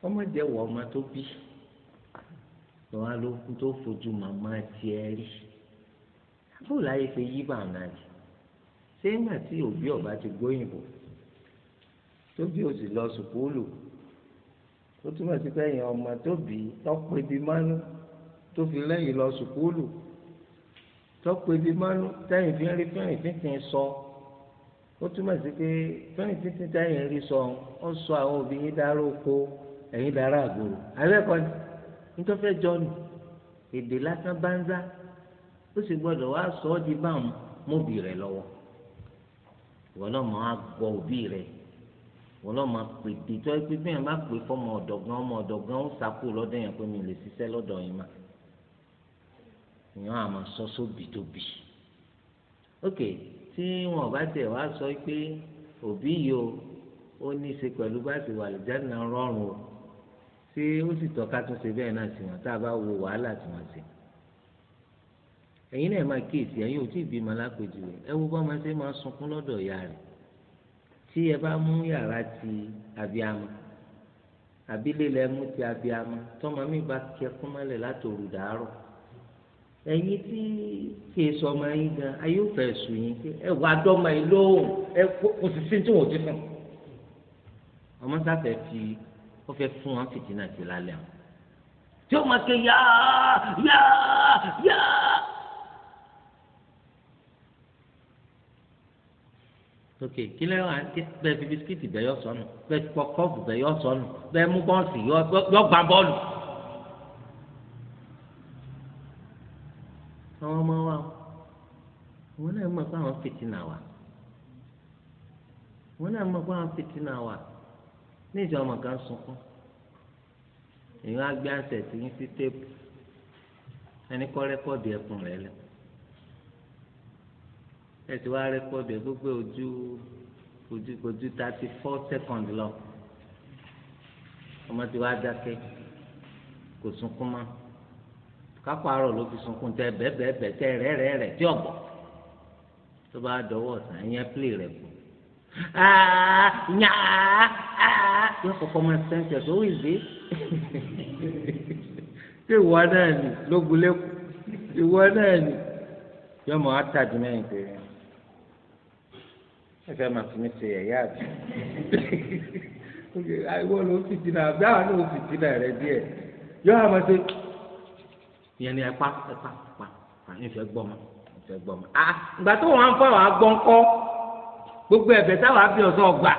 ọmọdé wọ ọmọ tó bí lọ́wọ́ ló kú tó fojú màmá tiẹ̀ rí. fún láyé pé yí bá àná jì ṣé ńgbà tí òbí ọba ti gbóyìnbó tó bí o sì lọ sùkúlù ó túmọ̀ sí pé ọmọ tó bí tọ́pẹ́ bí mánú tó fi lẹ́yìn lọ sùkúlù tọ́pẹ́ bí mánú táyìn fi ń rí fẹ́rìn fífin sọ ó túmọ̀ sí pé táyìn rí sọ ó sọ àwọn òbí yín dáró oko ẹ̀yìn dára àgbòrò àbẹ́ẹ̀kọ́ ni fẹ́ jọ ó sì gbọ́dọ̀ wá sọ ọ́ di báwọn mọ́bì rẹ̀ lọ́wọ́ ìwọ náà máa gbọ́ òbí rẹ̀ ìwọ náà máa pè dìtọ́ pípẹ́ yẹn bá pè fọmọ ọ̀dọ̀gán ọmọ ọ̀dọ̀gán ó sàkó lọ́dọ̀ yẹn pé mi lè ṣiṣẹ́ lọ́dọ̀ yẹn mà ìyẹn àmọ́ sọ sóbì tóbi ok tí wọn bá tẹ̀ wá sọ pé òbí yìí o ó ní í ṣe pẹ̀lú bá ti wà lìjáde náà rọrùn o ṣé ó sì tọ́ka tún ṣe bẹ́ẹ̀ náà sí wọn tá a bá wo wàhálà tí wọ́n ṣe ẹ̀yin náà máa kíyèsí ẹ̀yin ò tí ì bímọ alápèjúwe ẹ wo bá máa ṣe máa sunkún lọ́dọ̀ ìyá rẹ̀ tí ẹ bá mú yàrá ti abiyamọ àbílẹ̀ lẹ mú ti abiyamọ tọ́mọ mi bá kẹkún mọ́lẹ̀ látòrú dàárọ̀ ẹ̀yin tí kì í sọ ọmọ yín gan ayé ò fẹ́ yín ẹ wà dọ́mọ yín lóhùn ẹ kò sì sí tí wọ́n ti fún ọmọ sáfẹ́ fi ó fẹ́ fún wọn fìtínà sí lálẹ́ àwọn tí ó máa ké yáá yáá yáá. ok kílẹ̀ wà ké bẹ́ẹ̀ fi bisikíìtì bẹ́ẹ̀ yọ sọnù bẹ́ẹ̀ fi kọ́ọ̀fù bẹ́ẹ̀ yọ sọnù bẹ́ẹ̀ mú bọ́ọ̀sì yọ gbà bọ́ọ̀lù. àwọn ọmọ wa wọn náà mọ̀ pé àwọn fìtínà wà wọn náà mọ̀ pé àwọn fìtínà wà ní ìjọ ọmọ kan sunkún èèyàn á gbé àṣẹ sí ní sí téèpù ẹni kọ́ rẹ́kọ́ọ̀dù ẹkùn rẹ̀ lẹ́kọ̀ọ́ ẹsì wa rẹkọdù ẹ gbogbo ojú ojú ojú thirty four seconds lọ ọmọ tí wàá dákẹ́ kò sunkún mọ́ kápá àárọ̀ ló fi sunkún tẹ bẹ́ẹ̀bẹ́ẹ̀bẹ́ tẹ rẹ́rẹ́rẹ́ tí ọ̀bọ̀ tó bá dọwọ́ ọ̀sán ìyẹn pílì rẹ̀ kù ah, ah, yóò kọ́kọ́ máa sẹ́ńtẹ̀ tó wì dé ṣé ìwọ náà ni lógun lẹ́kù ìwọ náà ni yọmọ átàdúmẹ́yìn pé ẹ fẹ́ máa fi mí ṣe ẹ̀yà àbí ah, ìwọ ló fi dínà àbí àwọn ló fi dínà rẹ díẹ̀ yọ àmọ́ ṣe ìyẹn ni ẹ̀pá ẹ̀pá pa ìfẹ́ gbọ́mọ ìfẹ́ gbọ́mọ. ìgbà tó wọn fọ àwọn agbọ́nkọ́ gbogbo ẹ̀fẹ̀ táwọn á fi ọ̀sán ọgbà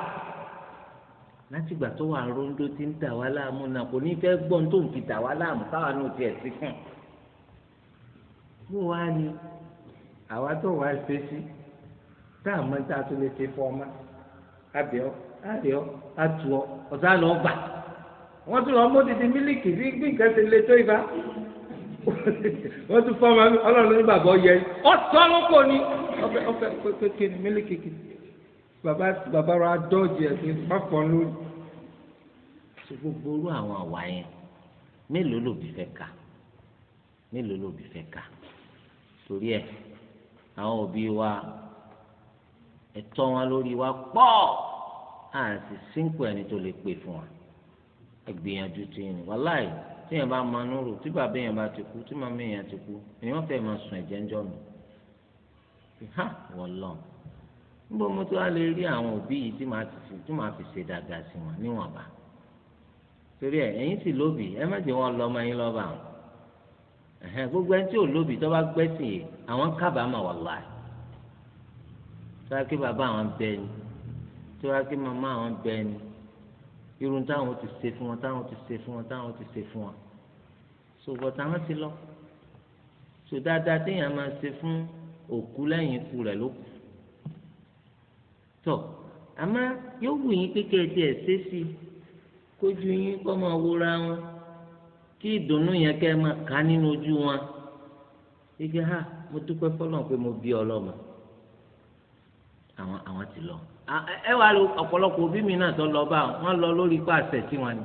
láti ìgbà tó wà rondo ti ń dà wá láàmú náà kò ní fẹ́ gbọ́n tó ń fi dà wá láàmú káwa náà tiẹ̀ sí kàn. bó wàá ni àwa tó wàá ṣe sí tá tá a tún lè ṣe fún ọmọ abẹ́ọ́ abẹ́ọ́ àtúọ́ ọ̀sán lọ gbà wọ́n tún lọ mú títí mílíkì bí nǹkan ṣe lè tó ibà wọ́n tún fọ́ ọmọ ọlọ́run ní bàbá ọyẹ ọ̀sán ló kò ọ̀fẹ́ ọ̀fẹ́ kékeré ní mílíkì kì bàbá bàbá rà dọ́ọ̀jì ẹ̀sìn pápọ̀ lórí. ṣe gbogbo orú àwọn àwa yẹn mélòó lòbí fẹ́ kà mélòó lòbí fẹ́ kà torí ẹ̀ àwọn òbí wa ẹ̀tọ́ wọn lórí wa pọ̀ à ń sì sínkù ẹni tó lè pè fún wa ẹgbìyànjú ti yìí wàláì tí yẹn bá máa nùrù tí bàbá yẹn bá ti kú tí màmá yẹn ti kú èèyàn fẹ́ máa sùn ẹ̀jẹ̀ ńjọ́ mi ha wọlọ níbo mo tó wá lè rí àwọn òbí yìí tí màá fi tí màá fi ṣe dàgbà sí wọn níwọ̀nba torí ẹ ẹ̀yin sì lóbì ẹ má jẹ́ wọn lọ ọmọ yín lọ́ba àwọn gbogbo ẹni tí ò lóbì tó bá gbẹ́sìn yìí àwọn kábàámà wàláì tó wá kí bàbá àwọn bẹ ni tó wá kí màmá àwọn bẹ ni irun táwọn ti ṣe fún wọn táwọn ti ṣe fún wọn táwọn ti ṣe fún wọn sòbọ̀ táwọn ti lọ sò dáadáa téèyàn máa ṣe fún òkú lẹ́yìn ikú rẹ̀ ló kù tọ̀ àmọ́ yóò wù yín kékeré tiẹ̀ ṣe sí kójú yín kọ́ máa wúra wọn kí ìdùnnú yẹn kẹ́ máa kà nínú ojú wọn ike ha mo dúpẹ́ fọlọ́n pé mo bí ọlọ́mọ àwọn àwọn ti lọ. ẹ wàá lo ọ̀pọ̀lọpọ̀ òbí mi náà tó lọ bá wọn lọ lórí ipá àṣẹ tí wọn ni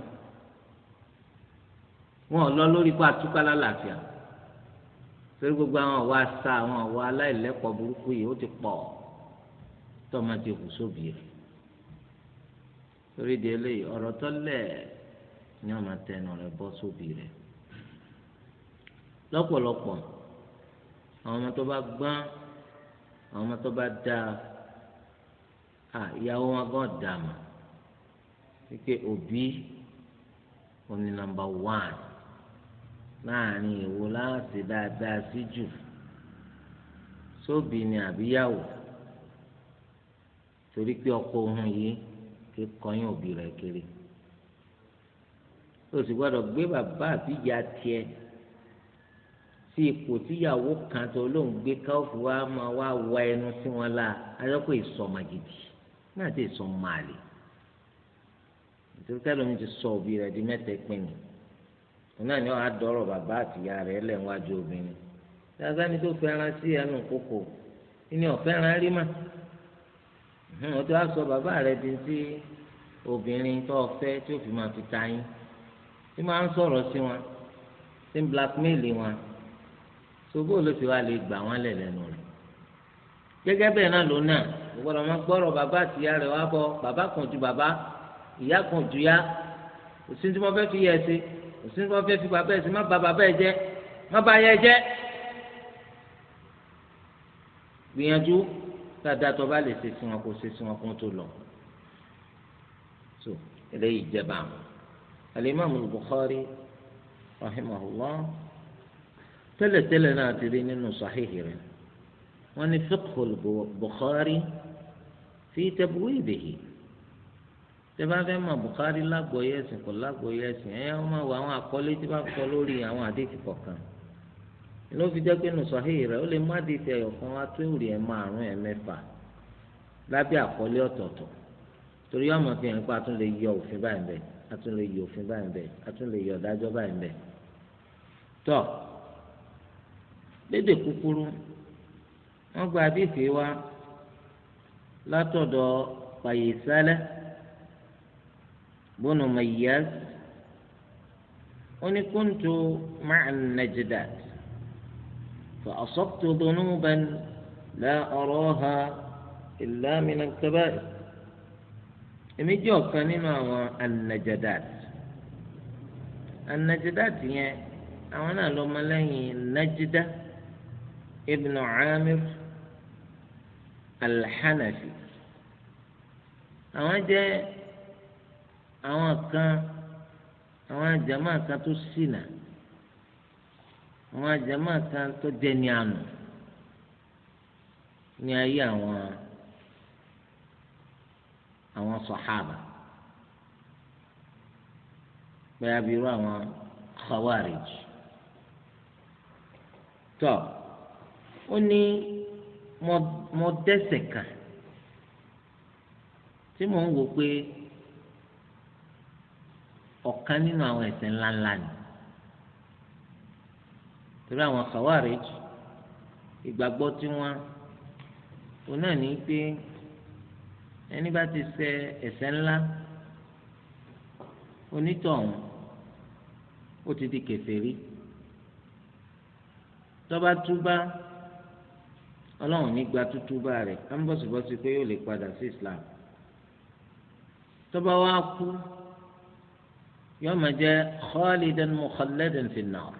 wọn lọ lórí ipá àtúkà lálàáfíà torí gbogbo àwọn ọ̀wá sa àwọn ọ̀wá aláìlẹ́kọ̀ọ́ burúkú yìí ó ti pọ̀ tọ́mọ ti hù sóbì rẹ̀ torí di eléyìí ọ̀rọ̀ tó lẹ̀ ni wọ́n máa tẹnu rẹ̀ bọ́ sóbì rẹ̀ lọ́pọ̀lọpọ̀ àwọn ọmọ tó bá gbọ́n àwọn ọmọ tó bá dáa ìyàwó wọn gan dà mà wípé òbí òní nàmbà wán láàrin èwo láti dáadáa sí jù sóbì ni àbíyàwó torí pé ọkọ ohun yìí kí kọyìn òbí rẹ̀ kiri o sì gbọ́dọ̀ gbé bàbá àbíyá tiẹ̀ sí ipò tíyàwó kan tó ló ń gbé káwọ́ fún wa máa wá wa ẹnu sí wọn la ayọ́pọ̀ ìsọmọ gidi náà ti sọ máàlì nítorí kẹlòmí ti sọ òbí rẹ di mẹ́ta pinnu náà ni wọn á dọ̀rọ̀ bàbá àtìyá rẹ lẹ́wọ̀nwájú obìnrin dáadáa ni tó fẹ́ràn sí ẹnu kókò ní ọ̀fẹ́ràn rí mà wọ́n ti wá sọ bàbá rẹ di sí obìnrin tó ọfẹ́ tí ó fi máa fi ta yín tí máa ń sọ̀rọ̀ sí wọn tí ń blackmail wọn ṣògbó ló ti wá lè gbà wọ́n lẹ̀ lẹ́nu rẹ̀ gẹ́gẹ́ bẹ́ẹ̀ náà ló náà gbọ́dọ̀ máa gbọ́rọ̀ bàbá àti ìyá rẹ̀ wá bọ̀ bàbá kan ju bàbá ìyá kan ju ya òsì tí wọ́n fẹ́ fi yẹ ẹsẹ̀ òsì tí wọ́n fẹ́ fi bàbá ẹsẹ̀ má bà bàbá ẹ jẹ́ má bà yẹ jẹ́ gbìyànjú dáadáa tó bá lè ṣe sí wọn kó ṣe sí wọn kó tó lọ so eléyìí jẹba àwọn alimami Bukhari rahimahullah tẹ́lẹ̀tẹ́lẹ̀ náà ti rí nínú sahihi rẹ̀ wọ́n ní Bukhari. fi tabwidhihi tẹ bá fẹ́ mọ̀ Bukhari lágbọ̀ọ́yé ẹ̀sìn kò lágbọ̀ọ́yé ẹ̀sìn ẹ̀yà wọn máa wọ àwọn àkọlé tí bá kọ lórí àwọn àdéhùn kọ̀ọ̀kan ló fi jẹ́ pé nù rẹ̀ ó lè má di tẹ̀yọ̀ kan torí ọmọ fi hàn pé a lè yọ òfin báyìí bẹ́ẹ̀ a lè yọ òfin báyìí bẹ́ẹ̀ a lè yọ ìdájọ́ báyìí bẹ́ẹ̀ tọ́ lédè kúkúrú látọ̀dọ̀ Qaysala bunu Mayyaz ó ní kuntu ma'a an-Najdat فأصبت ذنوبا لا أراها إلا من الكبائر èmi jẹ́ ọ̀kan nínú àwọn anajadat anajadat yẹn àwọn náà lọ́mọlẹ́yìn najida ibn amir alhanafi àwọn jẹ́ àwọn kan àwọn jama kan tó ṣìnà àwọn jama kan tó dẹni àná ní ayé àwọn àwọn sọhábà bẹ́ẹ̀ abirú àwọn khawarij tó ó ní mo dẹ́ṣẹ̀ kàn tí mò ń wò pé ọ̀kan nínú àwọn ẹ̀ṣẹ̀ ńláńlá ni torí àwọn khawarij ìgbàgbọ́ tí wọ́n òun náà ní pé ẹni bá ti ṣe ẹ̀ṣẹ̀ ńlá onítọ̀hún ó ti di kèfèrí tó bá túbá ọlọ́run ní gba tútúbà rẹ̀ á ń bọ̀sibọ́sí pé yóò lè padà sí islam tọ́ba wa kú yóò máa jẹ́ khalidan mukhalladan fi nar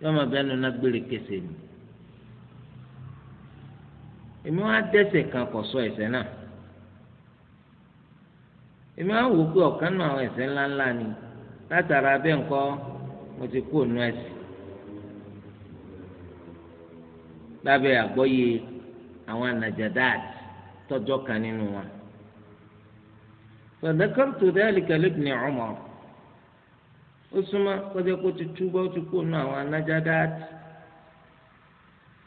yóò máa bẹ́ẹ̀ nínú agbèrè kése ni èmi wá dẹ́ṣẹ̀ kan kò sọ ẹ̀ṣẹ̀ náà èmi wá wò ó pé ọ̀kan náà àwọn ẹ̀ṣẹ̀ ńláńlá ni látara bẹ́ẹ̀ ńkọ́ mo ti kú òun ẹ̀sìn. lábẹ́ àgbọ́yé àwọn anajadat tọjọ́ kan nínú wọn. fadakartu dhalika libn Umar ó súnmọ́ kọjá kó ti túbọ̀ ó ti kó nu àwọn anajadat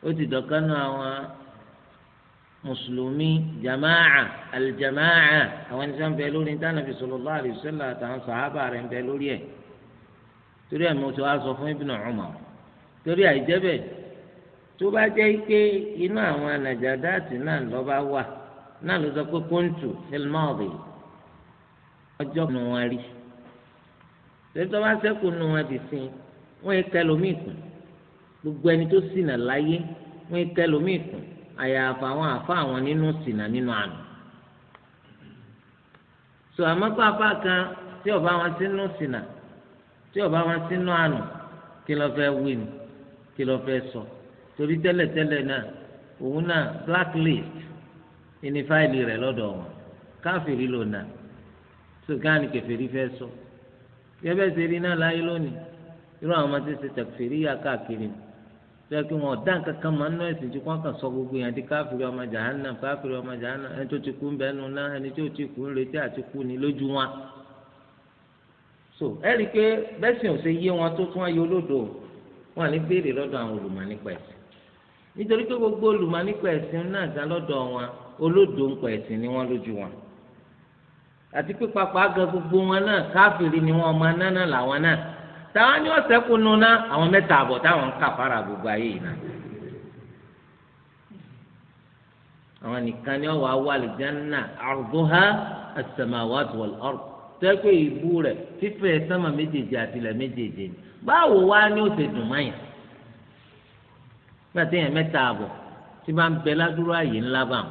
ó ti dọ̀kan nu àwọn mùsùlùmí jama'a aljama'a àwọn ẹni sàn bẹ lórí ní tànàbí sallallahu alaihi wasallam àtàwọn sàhábà rẹ̀ ń bẹ lórí ẹ̀ torí ẹ̀ mo ti wá sọ fún Ibn Umar torí àìjẹ́ tó bá jẹ́ pé inú àwọn ànàjàdáàtì náà lọ́ba wà náà ló sọ pé kóńtù fílmọ́ọ̀bì ọjọ́ nù wọn rí tẹ́tọ́ bá sẹ́kù nù wọn ti sìn wọ́n yẹ kẹlòmíì kù gbogbo ẹni tó ṣìnà láyé wọ́n yẹ kẹlòmíì kù àyàfà àwọn àfa àwọn nínú ṣìnà nínú àná so àmọ́ pàápàá kan tí ọba wọn sínú ṣìnà tí ọba wọn sínú àná kí ló fẹ́ wí ni kí ló fẹ́ sọ. So torí tẹ́lẹ̀tẹ́lẹ̀ náà òun náà blacklist ní fáìlì rẹ̀ lọ́dọ̀ wọn káfíìrì lò náà tó gáàní kẹfìrí fẹ́ sọ gẹ́gẹ́ ṣe rí náà láyé lónìí irú àwọn ọmọ tí ń ṣe tẹ̀fìrí yà káàkiri tó yẹ kí wọn ọ̀dá nǹkan kan máa ń ná ẹ̀sìn tí wọ́n kàn sọ gbogbo yẹn di káfíìrì ọmọ jàhánà káfíìrì ọmọ jàhánà ẹni tó ti kú ń bẹ́nu náà ẹni tó ti kú ń retí àti kú ni lójú wọn. so ẹ rí i pé bẹ́sìn ò ṣe yé wọn tó tún ayé olódò wọn ní béèrè lọ́dọ̀ àwọn olùmọ̀ nípa ẹ̀sìn nítorí pé gbogbo olùmọ̀ nípa ẹ̀sìn náà gan lọ́dọ̀ wọn olódò ń pa ẹ̀sìn ni wọ́n lójú wọn àti pé papà gan gbogbo wọn náà káfìrí ni wọn ọmọ náà náà làwọn náà táwọn ní ọ̀sẹ̀ kò nu ná àwọn mẹ́ta àbọ̀ táwọn ń kà fara gbogbo ayé yìí náà àwọn nìkan ni ọwọ́ awọ àlùjáná àrùbọ́há as-samawati wal-ard tẹ́kọ̀ ìbú rẹ̀ fífẹ́ sánmà méjèèjì àtìlẹ̀ méjèèjì báwo wá ní ó ṣe nígbà téèyàn mẹ́ta àbọ̀ tí bá ń bẹ ládùúrú àyè ńlá bá wọn.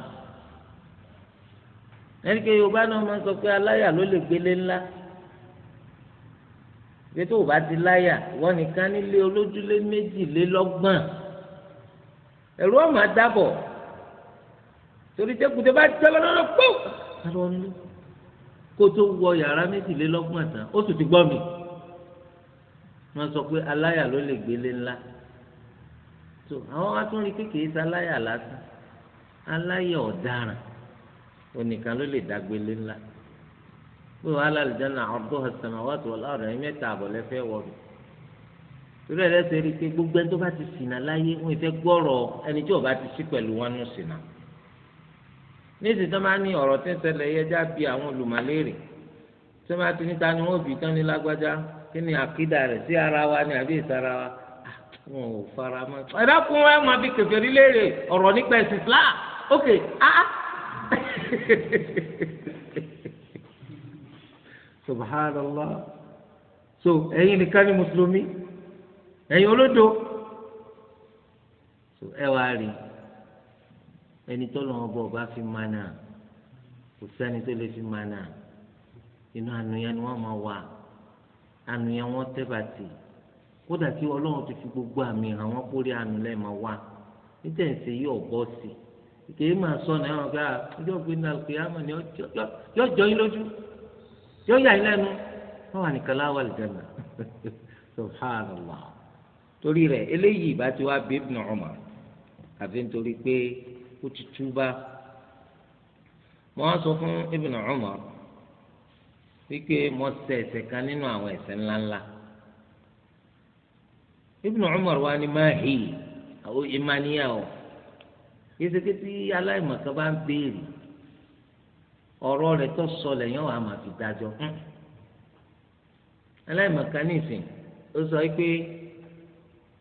ẹnikẹ́ yorùbá náà máa ń sọ pé aláyà ló lè gbélé ńlá bí tó o bá ti láyà wọ́n nìkan nílé olójúlé méjìlélọ́gbọ̀n ẹ̀rú ọ̀mà dábọ̀ torí tẹkùtẹ bá tẹ lọ́dọ̀ pọ́ àrùn ọ̀nù kó tó wọ yàrá méjìlélọ́gbọ̀n tán ó sì ti gbọ́ mi wọ́n sọ pé aláyà ló lè gbélé ńlá tó àwọn wá tún rí kékeré sá láyà lásán aláyà ọ̀daràn onìkan ló lè dágbélé ńlá pé wàhálà àlùjáná ọdún ọ̀sán àwọn àti wọlé ọ̀rọ̀ ẹ̀yìn mẹ́ta àbọ̀ lẹ́fẹ́ wọ̀ mí torí ẹ̀ lẹ́sẹ̀ rí i pé gbogbo ẹni tó bá ti ṣìnà láyé wọn ìfẹ́ gbọ́rọ̀ ẹni tí ò ti sí pẹ̀lú wọn nù ṣìnà níṣìí tó máa ní ọ̀rọ̀ tí ń ṣẹlẹ̀ yẹ bí àwọn olùmọ̀lérè tó máa ti níta ni wọ́n bì tán ní lágbájá kí ni àkídà rẹ̀ sí ara wa ni àbí ìsara wọn ò fara mọ́ ẹ dákun ẹ máa fi kèfèrí léèrè ọ̀rọ̀ nípa ẹ̀sìn Islam ok ah subhanallah so ẹ̀yin nìkan ni mùsùlùmí ẹ̀yin olódo so ẹ wá rí ẹni tó lọ́wọ́ bọ̀ bá fi máa náà kò sẹ́ni tó lè fi máa náà inú ànúyẹn ni wọ́n máa wà ànúyẹn wọ́n tẹ́ bàtì kódà tí ọlọ́run ti fi gbogbo àmì hàn wọ́n kórè àánú lẹ́ẹ̀ma wá nítẹ̀sí yìí ọ̀bọ sí i kìí máa sọ ní ẹran gbáà ọjọ́ gbé náà pé àmọ́ ni yóò jọ yín lójú yóò yà yín lẹ́nu wọ́n wà nìkan láwà lìjànà subhanallah torí rẹ̀ eléyìí ìbá ti wá bí Ibn Umar àfi nítorí pé ó ti túbà mo wá sọ fún Ibn Umar wípé mo ṣẹ̀ ẹ̀ṣẹ̀ kan nínú àwọn ẹ̀ṣẹ̀ ńláńlá. Ibn Umar wa ni máa hì àwọn ìmánìyà o yíṣẹ́kẹ́ tí aláìmọ̀kan bá ń béèrè ọ̀rọ̀ rẹ̀ tó sọ lẹ́yìn wàá máa fi dájọ́ hmm. aláìmọ̀kan nìsín ó sọ pé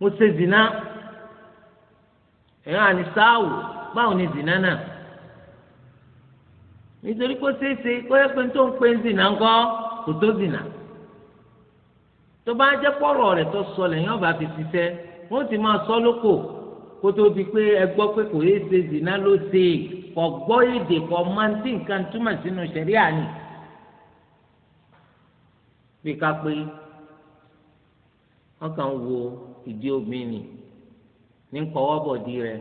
mo ṣe zina ẹ̀yàn àní sáàwù báwo ni zina náà nítorí kó ṣeé ṣe kó yẹ pé tó ń pè ń zina ńkọ́ kò tó zina. tó bá jẹ́ pọ̀rọ̀ rẹ̀ tó sọ lẹ́yìn ọba fi ṣiṣẹ́ wọ́n ti máa sọ lóko kó tó di pé ẹ gbọ́ pé kò yé ṣe zina ló ṣe kò gbọ́ èdè kò máa ń tí ni. bí ká pé wọ́n kàn wo ìdí ní kọ́wọ́bọ̀dì rẹ̀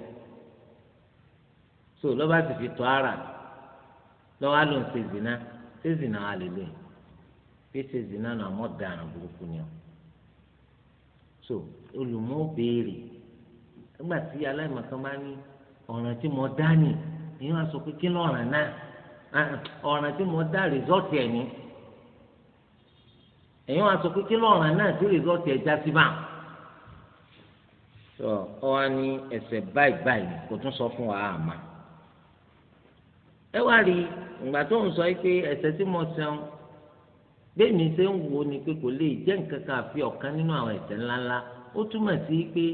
so lọ́ba ti fi tọ́ ara lọ́wọ́ á lò pèsè zina nà mọ́ dànù burúkú ni so olùmọ̀ béèrè nígbà tí aláìmọ̀kan bá ní ọ̀ràn tí mo dá nì ìyẹn sọ pé kí lọ́ràn náà ọ̀ràn tí mo dá rìsọ́ọ̀tì ẹ̀ ní sọ pé kí lọ́ọ̀ràn náà tí rìsọ́ọ̀tì ẹ̀ já sí bá ọ wá sọ fún wa àmà ẹ wá rí ìgbà tó ń sọ pé ẹsẹ̀ tí mo bẹ́ẹ̀ni ṣe ń wo ni pé kò lè jẹ́ nǹkan kan àfi ọ̀kan nínú àwọn ẹ̀ṣẹ̀ ńláńlá ó túmọ̀ sí pé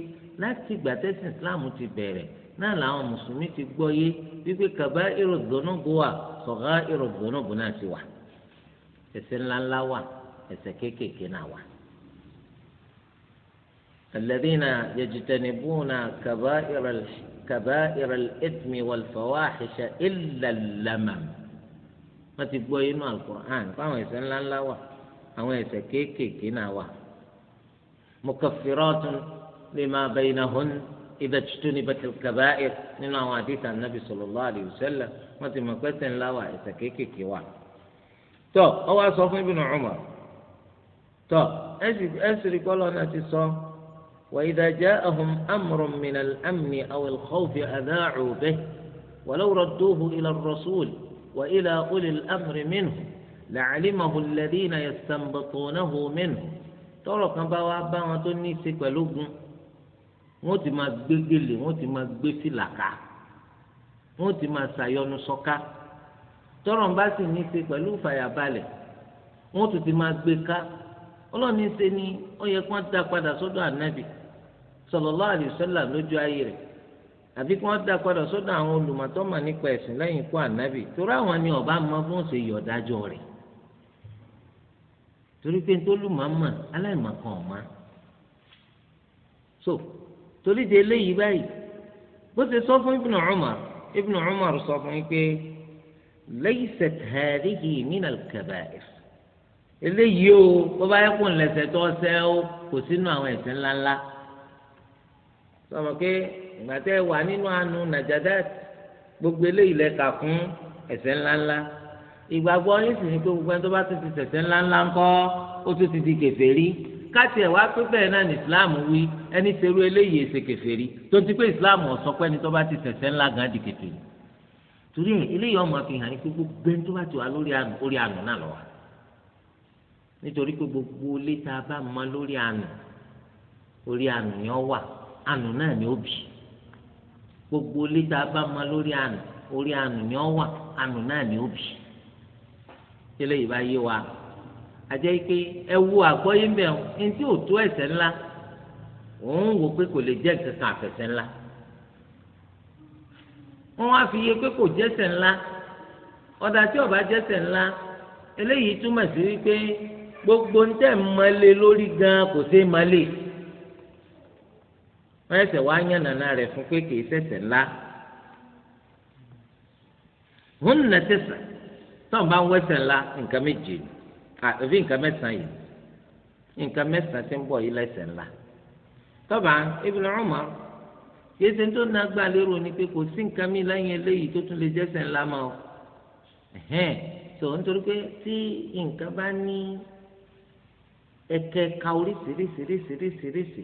láti ìgbà tẹ́sí islam ti bẹ̀rẹ̀ náà làwọn mùsùlùmí ti gbọ́ yé wípé kàbá bó wà sọ̀rọ̀ sọ̀gá bó náà ti wà ẹ̀ṣẹ̀ ńláńlá wà ẹ̀ṣẹ̀ kéékèèké náà wà. الذين يجتنبون كبائر كبائر الإثم والفواحش إلا اللمم wọ́n ti gbọ́ inú hàn alukur'an fáwọn ẹ̀ṣẹ̀ ńláńlá wà àwọn ẹ̀ṣẹ̀ kéékèèké náà wà. mo lè máa mukaffiratun lima baynahun idha kàbá ẹ nínú àwọn àdìsá nàbì sallallahu alayhi wa sallam wọ́n ti mọ̀ pẹ́sẹ̀ ńlá wà ẹ̀ṣẹ̀ kéékèèké wà. tó ọ wá sọ fún Ibn ọmọ tó ẹ̀sìn rí kọ́lọ́ náà ti sọ وإذا جاءهم أمر من الأمن أو الخوف أذاعوا به ولو ردوه إلى الرسول وإلى أولي الأمر منه لعلمه الذين يستنبطونه منه tọrọ kan bá wàá bá wọn tó ní í ṣe pẹ̀lú ogun wọn ti máa gbé gèlè wọn ti máa gbé fìlàkà wọn ti máa ṣàyọnu sọká tọrọ ń bá sì ní í ṣe pẹ̀lú ìfàyàbalẹ̀ wọn tún ti máa gbé ká ọlọ́ọ̀ni ṣe ni ó yẹ kí wọ́n dá padà sọ́dọ̀ ànábì sallallahu alaihi lójú ayé rẹ̀ àfi kí wọ́n dá padà sọ́dọ̀ àwọn olùmọ̀tọ́mọ̀ nípa ẹ̀sìn lẹ́yìn ikú ànábì torí àwọn ni ọba mọ bí wọ́n ṣe yọ̀ dájọ́ rẹ̀ torí pé ntólùmọ̀ọ́mọ̀ aláìmọ̀kan ọ̀ma so torí de eléyìí báyìí bó ṣe sọ fún Ibn Umar Ibn Umar sọ fún yín pé laysat hadhihi min al-kaba'ir eléyìí o bọ́bá yẹ kó ń lẹ̀sẹ̀ o kò sínú àwọn ẹ̀ṣẹ̀ ńláńlá sọ ma pé ìgbà tẹ́ ẹ wà nínú àánú nàjàdát gbogbo eléyìí lẹ́ka fún ẹ̀ṣẹ̀ ńláńlá ìgbàgbọ́ yín sì ní pé gbogbo ẹni tó bá tún ti ṣẹ̀ṣẹ̀ ńláńlá ńkọ́ ó tún ti di kèfèrí káàtì ẹ̀ wá pé bẹ́ẹ̀ náà ní islam wí ẹni serú eléyìí èsè kèfèrí tó ti pé islam ọ̀sọ́ pé ẹni tó bá ti ṣẹ̀ṣẹ̀ ńlá gan di kèfèrí torí eléyìí ọmọ fi hàn ní pé gbogbo ẹni tó bá ti wà lórí àánú orí àánú náà lọ wà nítorí pé gbogbo ilé bá mọ lórí àánú orí àánú yẹn wà àánú náà ni ó bì gbogbo lítà bá ma lórí àná orí àná ni ọ wà àná náà ni ó bì tẹ́lẹ̀ yìí bá yé wa àjẹ́ pé ẹ wo àgbọ́yé mbẹ́ ọ ẹni tí ò tó ẹ̀ṣẹ̀ ńlá òun wò pé kò lè jẹ́ kankan àfẹ̀ṣẹ̀ ńlá wọ́n wá fi yé pé kò jẹ́ṣẹ̀ ńlá ọ̀dà tí ọba jẹ́ṣẹ̀ ńlá eléyìí túmọ̀ sí wípé gbogbo ń tẹ̀ mọ́lé lórí gan kò sí mọ́lé wọ́n ẹsẹ̀ wá yàn nàna rẹ̀ fún pé kìí ṣẹ̀ṣẹ̀ ńlá hún nà tẹ̀sà tó ń bá ń wẹ́sẹ̀ ńlá nǹkan méje àbí nǹkan mẹ́sàn yìí nǹkan mẹ́sàn ti ń bọ̀ yìí lẹ́sẹ̀ ńlá tọ́ba Ibn Umar yéésì tó ń nagbá lérò ni pé kò sí nǹkan mi lẹ́yìn eléyìí tó tún lè jẹ́sẹ̀ ńlá mọ́ ọ ẹ̀hẹ́n tó nítorí pé tí nǹkan bá ní ẹ̀kẹ́ ka oríṣiríṣiríṣiríṣiríṣi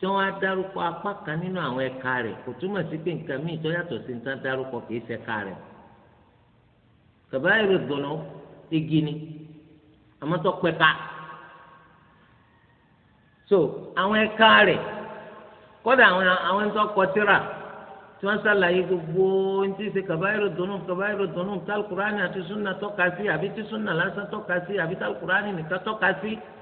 tí wọn á dárúkọ apá kan nínú àwọn ẹ̀ka rẹ̀ kò túmọ̀ sí pé nǹkan míì tó yàtọ̀ sí nǹkan dárúkọ kìí ṣẹ̀ka rẹ̀ kàbá èrè gbọ̀nà igi ni àmọ́ pẹ́ka so àwọn ẹ̀ka rẹ̀ kódà àwọn àwọn ẹni tó kọ tírà tí wọ́n ṣàlàyé gbogbo ohun tí ṣe kàbá èrè dùnú kàbá èrè dùnú tálkùránì àti súnà tọ́ka sí àbí tí súnà lásán tọ́ka sí àbí tálkùránì nìkan tọ́ka sí. So,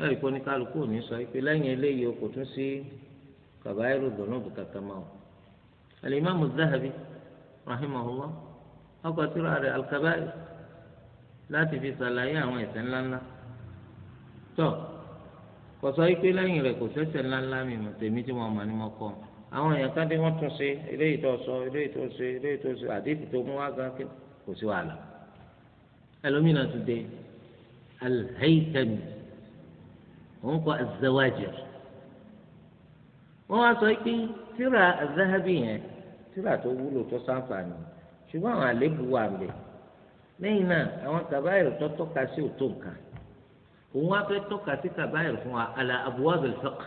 lẹ́yìn kó ní kálukú ò ní sọ pé lẹ́yìn eléyìí o kò tún sí kàbáyérò dọ̀nàbù kankan mọ́ o. alimami zahabi rahimahullah ọkọ̀ tíra rẹ̀ alkabair láti fi ṣàlàyé àwọn ẹ̀ṣẹ̀ ńláńlá tọ́ kò sọ pé lẹ́yìn rẹ̀ kò sẹ́ṣẹ̀ ńláńlá mi mọ̀ tèmi tí wọ́n mọ̀ ní mọ́ kọ́ àwọn èèyàn kan tí wọ́n tún ṣe eléyìí tó sọ eléyìí tó ṣe eléyìí tó ṣe àdéhùn tó mú wá gan kò òun kọ az-Zawajir wọ́n wá sọ pé tíra az-Zahabi yẹn tíra tó wúlò tó sáǹfààní ṣùgbọ́n àwọn àléébù wà bẹ̀ lẹ́yìn náà àwọn kàbáyìrì tó tọ́ka sí òtó nǹkan òun wá fẹ́ tọ́ka sí kàbáyìrì fún wa ala abwab al-fiqh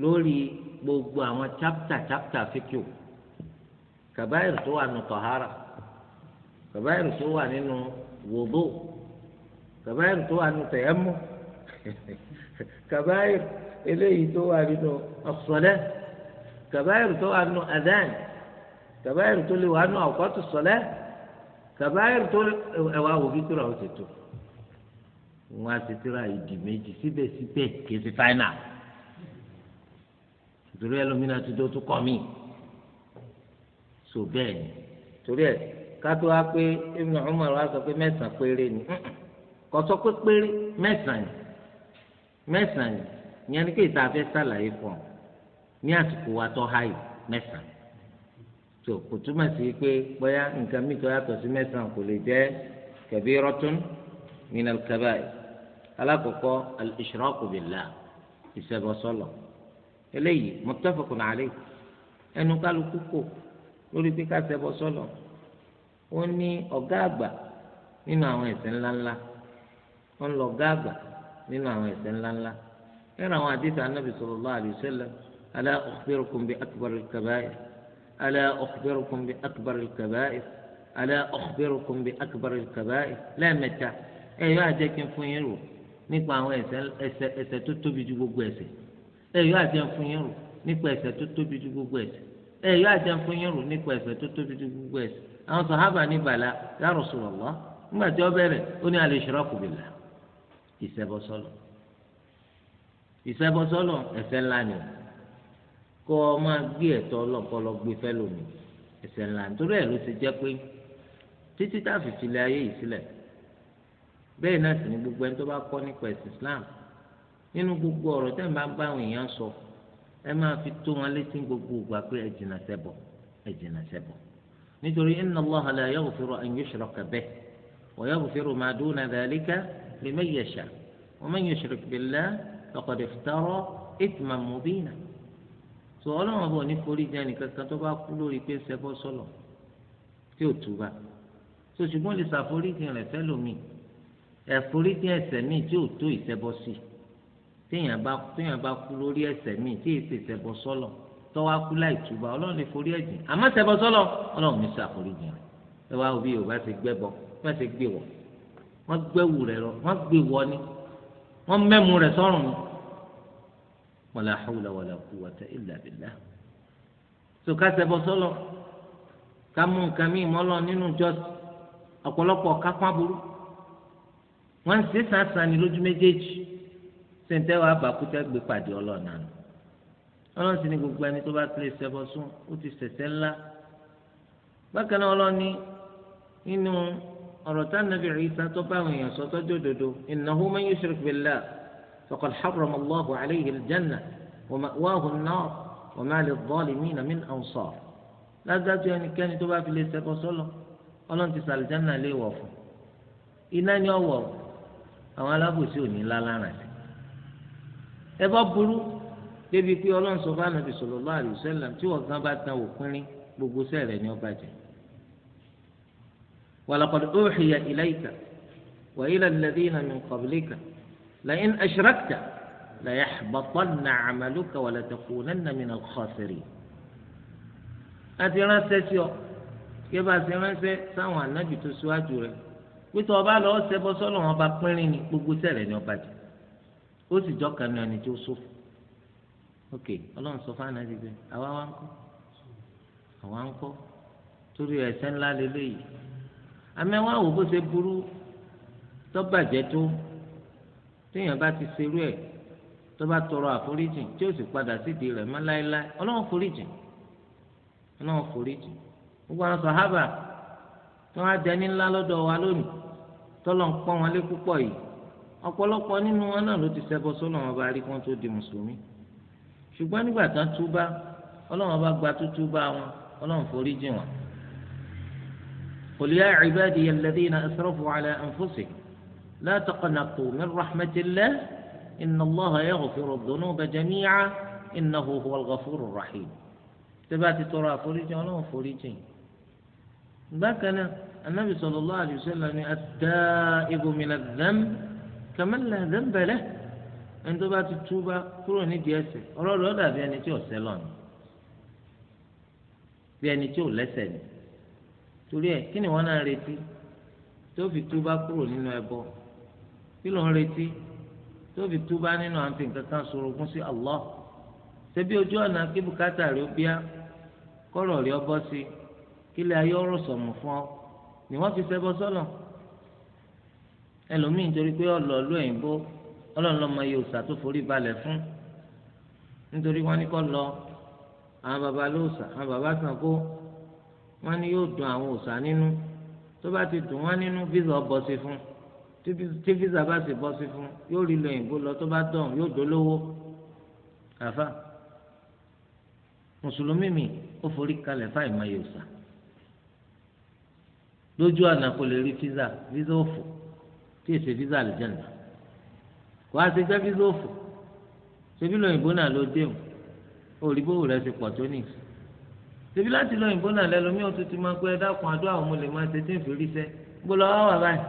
lórí gbogbo àwọn chapter chapter fiqh kàbáyìrì tó wà nù tọ̀hárà kàbáyìrì tó wà nínú wòdó kàbáyìrì tó wà nù tẹ̀yẹ́mú kàbáyìr eléyìí tó wà nínú ọ̀sọ̀lẹ́ kàbáyìr tó wà nínú adán kàbáyìr tó lè wà nínú àwòkọ́tù sọ̀lẹ́ kàbáyìr tó ẹwà wò kíkúrò àwọn tètè wọn á ti tẹ́ra ìdì méjì síbẹ̀síbẹ̀ kì í ti fáínà torí ẹlòmínà ti dó tó kọ́ mi so bẹ́ẹ̀ ni torí ẹ̀ kátó wá pé Ibn Umar wá sọ pé mẹ́sàn-án péré ni kò sọ pé péré mẹ́sàn-án ni. mẹ́sàn-án ìyẹn ni pé ìta fẹ́ sàlàyé fún ọ ní àsìkò wa tọ́ háyì mẹ́sàn-án tó kò túmọ̀ sí pé bóyá nǹkan mìíràn yàtọ̀ sí mẹ́sàn-án kò lè jẹ́ kabiratun minal kabair alákọ̀ọ́kọ́ al-ishraku billah ìṣẹ̀bọ̀sọ̀lọ̀ eléyìí muttafaqun alayhi ẹnu kálukú kò lórí pé ká ṣẹbọ̀sọ̀lọ̀ ó ní àgbà nínú àwọn ńláńlá ó ń lọ àgbà nínú àwọn ẹ̀ṣẹ̀ ńláńlá nínú àwọn àdìsí anábì sallallahu alaihi wasallam ala ukhbirukum bi akbaril kaba'ir ala ukhbirukum bi akbaril kaba'ir ala ukhbirukum bi akbaril kaba'ir lẹ́ẹ̀mẹ́ta ẹ yóò àjẹ́ kí fún yín rò nípa àwọn ẹ̀ṣẹ̀ tó tóbi ju gbogbo ẹ̀ṣẹ̀ ẹ yóò àjẹ́ fún yín rò nípa ẹ̀ṣẹ̀ tó tóbi ju gbogbo ẹ̀ṣẹ̀ ẹ yóò àjẹ́ fún yín rò nípa tó tóbi ju gbogbo àwọn ní bàlá ya nígbà tí ó ní ìṣẹ́bọsọ́lọ̀ ìṣẹ́bọsọ́lọ̀ ẹ̀ṣẹ̀ ńlá ni kó o máa gbé ẹ̀tọ́ ọlọ́pọlọ gbé fẹ́ lómi ẹ̀ṣẹ̀ ńlá nítorí ẹ̀ ló ti jẹ́ pé títí tá fi filẹ̀ ayé yìí sílẹ̀ bẹ́ẹ̀ ni gbogbo ẹni tó bá kọ́ Islam nínú gbogbo ọ̀rọ̀ tẹ́ ẹ̀ máa bá àwọn èèyàn sọ ẹ máa fi tó wọn létí gbogbo ìgbà pé ẹ jìnnà ṣẹbọ ẹ jìnnà nítorí ma لمن يشاء ومن يشرك بالله فقد افترى إثما مبينا sọlọ́n ọ̀bọ̀ ní forí jẹ́ nìkankan tó bá kú lórí pé ṣẹbọ sọlọ tí ò túba tó ṣùgbọ́n lè ṣàforíjì rẹ̀ fẹ́lòmíì ẹ̀foríjì ẹ̀ṣẹ̀ míì tí ò tó ìṣẹbọ sí téèyàn bá téèyàn bá kú lórí ẹ̀ṣẹ̀ míì tí èsì ṣẹbọ sọlọ tó wá kú láì túba ọlọ́run lè forí ẹ̀jìn àmọ́ ṣẹbọ sọlọ ọlọ́run ní ṣàforíjì rẹ̀ ẹ wá òbí yorùbá ti gbẹ́bọ wọ́n gbẹ́wù rẹ̀ lọ wọ́n gbé wọ ni wọ́n mẹ́mu rẹ̀ sọ́rùn ni wala hawla wala quwwata illa billah so ká ṣẹbọ sọlọ ká mú nǹkan mí mọ́lọ nínú jọ́sí ọ̀pọ̀lọpọ̀ kápá burú wọ́n ń ṣe sàǹsàn ní lójú méjèèjì sèǹtẹ́ wàá bàkútẹ́ gbé pàdé ọlọ́ọ̀nà nù ọlọ́run sì ní gbogbo ẹni tó bá tilẹ̀ ṣẹbọ sún ó ti ṣẹ̀ṣẹ̀ ńlá bákan náà ọlọ́ni nínú ọ̀rọ̀ tá nàbì Ìsá tó bá àwọn èèyàn sọ tọ́jú òdodo innahu man yushrik billah faqad harrama Allahu alayhi al-janna wa ma'wahu an-nar wa ma lil-zalimina min ansar. lágbájú ẹnikẹ́ni tó bá fi lè ṣẹbọ sọ́lọ ọlọ́run ti sàlìjánà lè wọ̀ fún iná ni ọ̀wọ̀ àwọn alábòsí ò ní ńlá lára rẹ̀. ẹ bá burú débi pé ọlọ́run sọ fún ànàbì sallallahu alayhi wa tí wọ́n gan bá tan òpinrin gbogbo sẹ́ẹ̀rẹ̀ ni ó bàjẹ́ ولقد أوحي إليك وإلى الذين من قبلك لئن أشركت ليحبطن عملك ولتكونن من الخاسرين أنت رأسي كيف أسمعك سوى النبي تسوى جوري وتوبى له سبب صلوه بقلني بقسرني وبجي ó sì jọka ní ọni tí ó sófò ok ọlọ́run sọ fún anáde bẹ́ẹ̀ àwa wá àwa ń kọ́ torí ẹ̀sẹ̀ ńlá amẹ́wọ́n àwọn bó ṣe burú tọ́bàjẹ́ tó téèyàn bá ti ṣerú ẹ̀ tó bá tọrọ àforíjìn tí ó sì padà sídìí rẹ̀ mọ́ láéláé ọlọ́run foríjìn ọlọ́run foríjìn gbogbo àwọn sàhábà tí wọ́n á dẹni ńlá lọ́dọ̀ wa lónìí tọ́lọ̀ ń pọ́n wọn lé púpọ̀ yìí ọ̀pọ̀lọpọ̀ nínú wọn náà ló ti ṣẹbọ sọ́nà wọn bá rí kí wọ́n tó di mùsùlùmí ṣùgbọ́n nígbà tán túbá ọlọ́run bá gba tútúbá wọn ọlọ́run foríjìn wọn. قل يا عبادي الذين أسرفوا على أنفسهم لا تقنطوا من رحمة الله إن الله يغفر الذنوب جميعا إنه هو الغفور الرحيم تباتي ترى فريجي ولا فريجي بكنا النبي صلى الله عليه وسلم التائب من الذنب كمن لا ذنب له ẹni tó التوبه ti نجي kúrò nídìí ẹ̀ṣẹ̀ ọlọ́run ó dàbí ẹni tí ò torí ẹ kí ni wọn náà retí tó fi túbá kúrò nínú ẹbọ kí ló ń retí tó fi túbá nínú àǹtí nǹkan kan sorogún sí Allah ṣebí ojú ọ̀nà kí bùkátà rẹ ó bíá kọ́rọ̀ rẹ ó bọ́ sí kílẹ̀ ayé ọ̀rọ̀ sọ̀mù fún ọ ni wọ́n fi ṣẹbọ sọ́nà ẹlòmíì nítorí pé ọlọ́ọ̀lù òyìnbó ọlọ́ọ̀lọ́mọ yóò sàtó forí balẹ̀ fún nítorí wọ́n ní kọ́ lọ àwọn baba lóòsà àwọn baba Ṣàngó wọ́n ní yóò dùn àwọn òòṣà nínú tó bá ti dùn wọ́n nínú visa bọ́ sí fún tí visa bá sì bọ́ sí fún yóò rí lóyìnbó lọ tó bá dọ̀hún yóò dolówó àfa mùsùlùmí mi ó forí kalẹ̀ fáìmọ òòṣà lójú àná kò lè rí visa visa òfò tí èsè visa àlùjànnà kò á ti jẹ́ visa òfò ṣebí lóyìnbó náà ló dé o òrìbó rẹ̀ ti pọ̀ tó nìyí ṣèbí láti lọ òyìnbó náà lẹ́lọ́mí ọ̀tún ti máa gbé ẹ dákun adó àwọn ọmọ lè máa ṣe tí ń fi rí sẹ́ gbọ́ lọ wá báyìí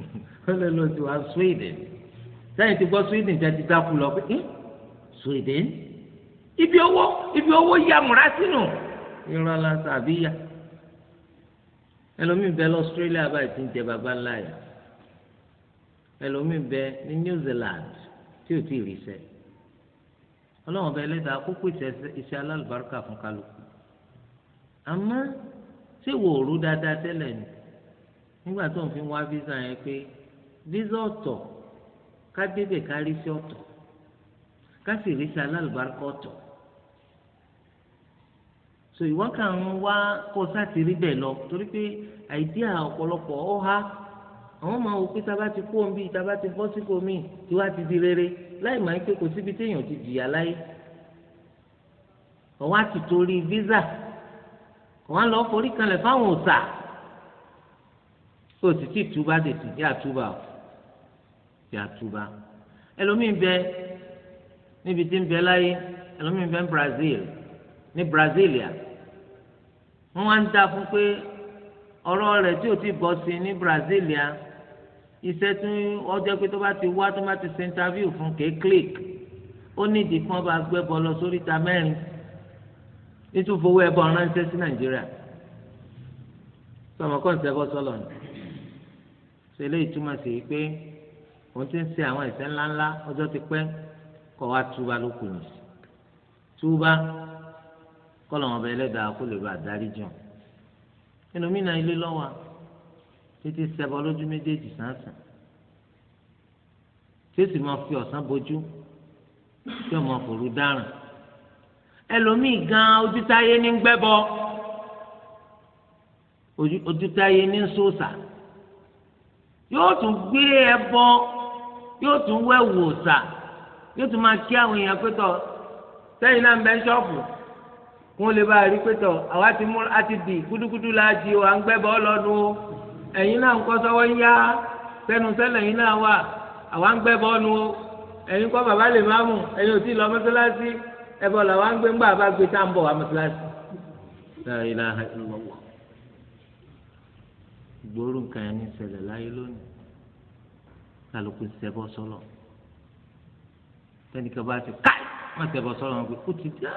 ó lè lọ sí wa Sweden sẹ́yìn ti gbọ́ Sweden jẹ́ ti dákú lọ pé ẹ́ Sweden ibi owó ibi owó ya múra sínú irọ́ lásán àbí ẹlòmíì bẹ lọ Australia báyìí ti ń jẹ bàbá ńlá yà ẹlòmíì bẹ ní New Zealand tí ò tí ì rí sẹ́yìn ọlọ́run ọba ẹlẹ́dàá kó pèsè iṣẹ́ alálùbáríkà fún kálukú àmọ́ ṣé wò ó rú dáadáa tẹ́lẹ̀ ni nígbà tó ń fi wá visa yẹn pé visa ọ̀tọ̀ ká débẹ̀ ká rí sí ọ̀tọ̀ ká sì rí sí alálùbáríkà ọ̀tọ̀ so ìwọ́n kàn ń wá kó sáti rí bẹ́ẹ̀ lọ torí pé àìdíà ọ̀pọ̀lọpọ̀ ọ̀há àwọn máa wò pé tá a bá ti kó omi tá a bá ti bọ́ sí kò mí tí wàá ti di rere láì máa ń pé kò síbi téèyàn ti jìyà láyé ọ̀wá ti torí visa wọ́n á lọ forí kanlẹ̀ fáwọn òòsà ó sì ti túbá tètè yá túbá o yá túbá ẹlòmíín bẹ níbi tí ń bẹ láyé ẹlòmíín bẹ ní Brazil ní Brazilia wọ́n wá ń dá fún pé ọ̀rọ̀ rẹ̀ tí ò ti bọ́ sí ní Brazilia iṣẹ́ tí wọ́n jẹ́ pé tó bá ti wá tó bá ti ṣe interview fún kéé click ó nídìí kí wọ́n bá gbé bọ́ lọ sórí ìta mẹ́rin nítorí fowó ẹbọ ránṣẹ́ sí nàìjíríà sọmọ kọ́ ń ṣẹbọ sọlọ ni ṣẹlẹ̀ ìtumọ̀ sí i pé òun ti ń ṣe àwọn ẹ̀ṣẹ̀ ńláńlá ọjọ́ ti pẹ́ kọ́ wa túba ló kù ní túba kọ́ lọ́wọ́ ọba ẹlẹ́dàá kó lè bá a ẹnu mí náà ilé lọ́wọ́ títí sẹ́bọ̀ lójú méjèèjì sánsàn tí ó sì máa fi ọ̀sán bojú tí ó máa fòrú dáràn ẹlòmíì gan ojútáyé ní gbẹ́bọ ojútáyé ní sóòsà yóò tún gbé ẹbọ yóò tún wẹ̀wù òòsà yóò tún máa kí àwọn èèyàn pé tọ sẹ́yìn náà ń bẹ́ ṣọ́ọ̀fù kún lè bá rí pé àwa ti mú àti dì gúdúgúdú la di o à ń gbẹ́bọ lọ́dún o ẹ̀yin náà ń kọ́ sọ́wọ́ ń yá sẹ́nu sẹ́lẹ̀ ẹ̀yin náà wà àwa ń gbẹ́ bọ́ọ̀nù o ẹ̀yin kọ́ bàbá lè má mú ẹ̀yin ò tí ì lọ mọ́sálásí ẹ̀bọ̀ làwa ń gbé ńgbà bá gbé tá à ń bọ̀ wá mọ́sálásí. gbóòórùn kan yẹn ní ṣẹlẹ̀ láyé lónìí kálukú ṣẹbọ sọlọ tẹnikẹ́ bá ti ká wọn ṣẹbọ sọlọ wọn pé ó ti dá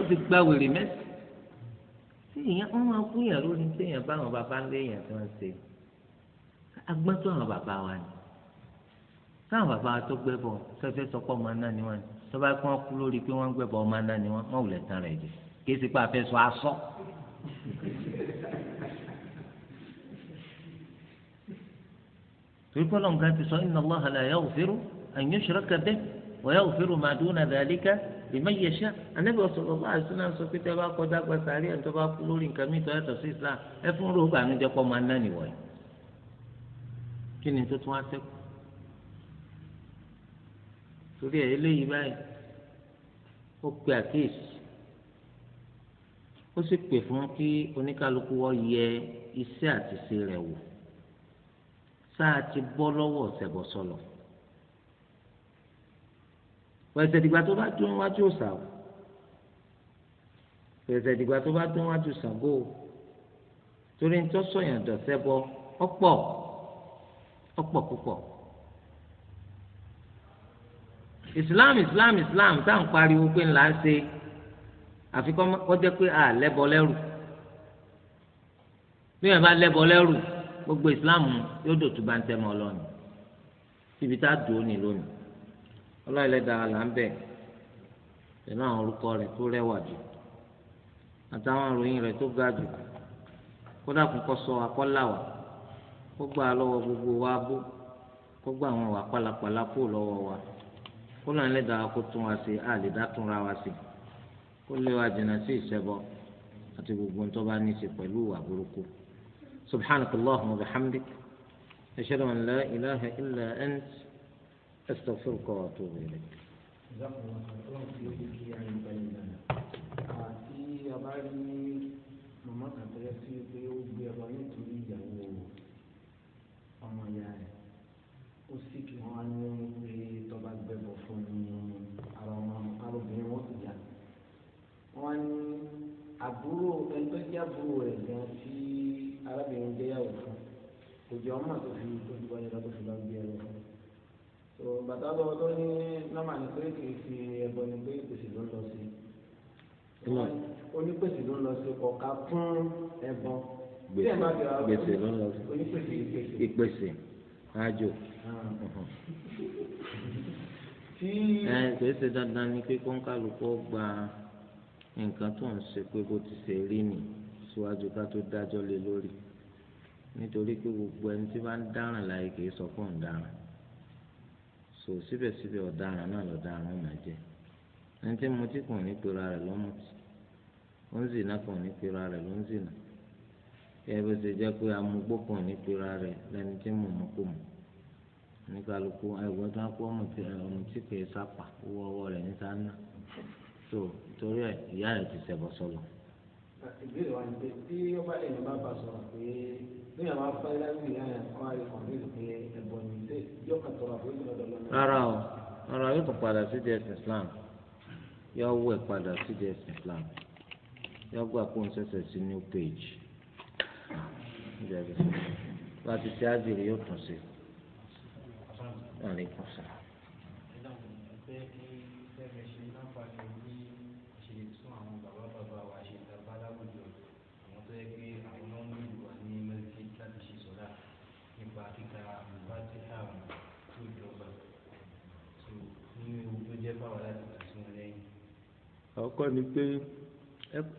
ó ti gbá wèrè mẹ́sì tí ìyẹn wọn máa kú yàn lórí téèyàn báwọn bàbá ń lé yàn tí wọn ṣe agbọ́n tó àwọn bàbá wa ni táwọn bàbá wa tó gbẹ́bọ̀ fẹ́fẹ́ sọpọ̀ ọmọ náà ni wọ́n ni tọ́ba kí wọ́n kú lórí pé wọ́n ń gbẹ́bọ̀ ọmọ náà ni wọ́n wọ́n wulẹ̀ tán rẹ̀ jẹ kí pa afẹ́ sọ torí pé ọlọ́run ti sọ inna Allaha la yaghfiru an yushraka bihi wa yaghfiru ma duna dhalika lèmi yẹsẹ anabi ọsọlọ bá àìsàn náà sọ pé tẹ bá kọjá gbàtà rí ẹ tó bá kú lórí nǹkan mi tó yàtọ̀ sí islam ẹ fún rògbà mi jẹ máa ń náni wọ̀nyí kí ni tó tún wá sẹ́kù torí ẹ̀ eléyìí báyìí ó pe àkíyèsí ó sì pè fún kí oníkálukú wọ́n yẹ iṣẹ́ àtìṣe rẹ̀ wò sáà ti bọ́ lọ́wọ́ ṣẹ̀bọ̀sọlọ̀ pẹ̀sẹ̀ dìgbà tó bá dún wájú òòsà o pẹ̀sẹ̀ dìgbà tó bá dún wájú Ṣàngó o torí ń tọ́ sọ̀yàn dọ̀sẹ́ bọ́ ọ̀pọ̀ ọ̀pọ̀ púpọ̀ islam islam islam tá à ń pariwo pé ńlá ń ṣe àfi kọ́ jẹ́ pé a lẹ́bọ lẹ́rù bí wọn bá lẹ́bọ lẹ́rù gbogbo islam yóò dòtú bá ń tẹ́mọ lọ́nà síbi tá a dùn ó ní lónìí ọlọ́ọ̀lẹ́dàá là ń bẹ̀ pẹ̀lú àwọn orúkọ rẹ̀ tó rẹwà jù àtàwọn ìròyìn rẹ̀ tó ga jù kódà kún kọ́ sọ akọ́làwà. So, kó gbà lọ́wọ́ gbogbo wa bó kó gbà àwọn wà pálapàla kó lọ́wọ́ wa kó lọ́n lè dára kó tún wa sí àlèdá túnra wa sí kó lè wa jìnnà sí ìṣẹ́bọ àti gbogbo ń tó ní ṣe pẹ̀lú ìwà burúkú subhanak allahumma wa bihamdik ashhadu an la ilaha illa ant astaghfiruka wa atubu ilayk. ìjọba ọlọ́run ti ń fi àyè ìgbàlejò náà àbúrò ẹgbẹ́ jẹ́ àbúrò rẹ̀ gan tí arábìnrin jẹ́yàwó fún kò jẹ́ ọmọ tó fi tóbi wáyé lọ́kọ̀ fi lọ́ọ́ gbé ẹrù fún. tó bàtà lọ tó ní nọ́mà ní pé kì í fi ẹbọ ní pé ìpèsè ló ń lọ sí. onípèsè ló ń lọ sí kọ̀ọ̀ká fún ẹbọ. gbèsè ló ń lọ sí. onípèsè ìpèsè àjò ah. tí. ẹ kò dandan ni pé kọ́ńkàlùkọ́ gba nǹkan tó ń ṣe pé bó ti ṣe rí nì síwájú ká tó dájọ́ lé lórí nítorí pé gbogbo ẹni tí wọ́n ń dáràn láyé kì í sọ pé òun dáràn so síbẹ̀síbẹ̀ ọ̀daràn náà lọ̀daràn ọ̀nà jẹ́ ẹni tí mo ti kàn ní pera rẹ̀ lọ́mùtì ó ń zìnà kàn ní pera rẹ̀ ló ń zìnà ẹ bó ṣe jẹ́ pé amúgbó kàn ní pera rẹ̀ lẹni tí mo mọ̀ kó mọ̀ ní kálukú ẹ̀gbọ́n tó ń kó ọmọ tí kì sápà owó ọwọ́ rẹ̀ níta náà so torí ẹ ìyá rẹ ti ṣẹbọ sọlọ. ìbéèrè wa ni pé tí ó bá ẹ̀yìn bá bá sọ̀rọ̀ pé lóyún àwọn afárá láti ìyá rẹ̀ kọ́ àyè kan lórí pé ẹ̀bọ̀n ní ilé yóò kàn tọrọ àbójú lọ́dọ̀ lọ́nà. rárá o rárá yóò tún padà sí ds Islam yóò wẹ̀ padà sí ds Islam yóò gbà pé òun ṣẹ̀ṣẹ̀ sí new page láti ṣe àjèrè yóò tún sí. Aleykum salaam. àkọ́kọ́ ni pé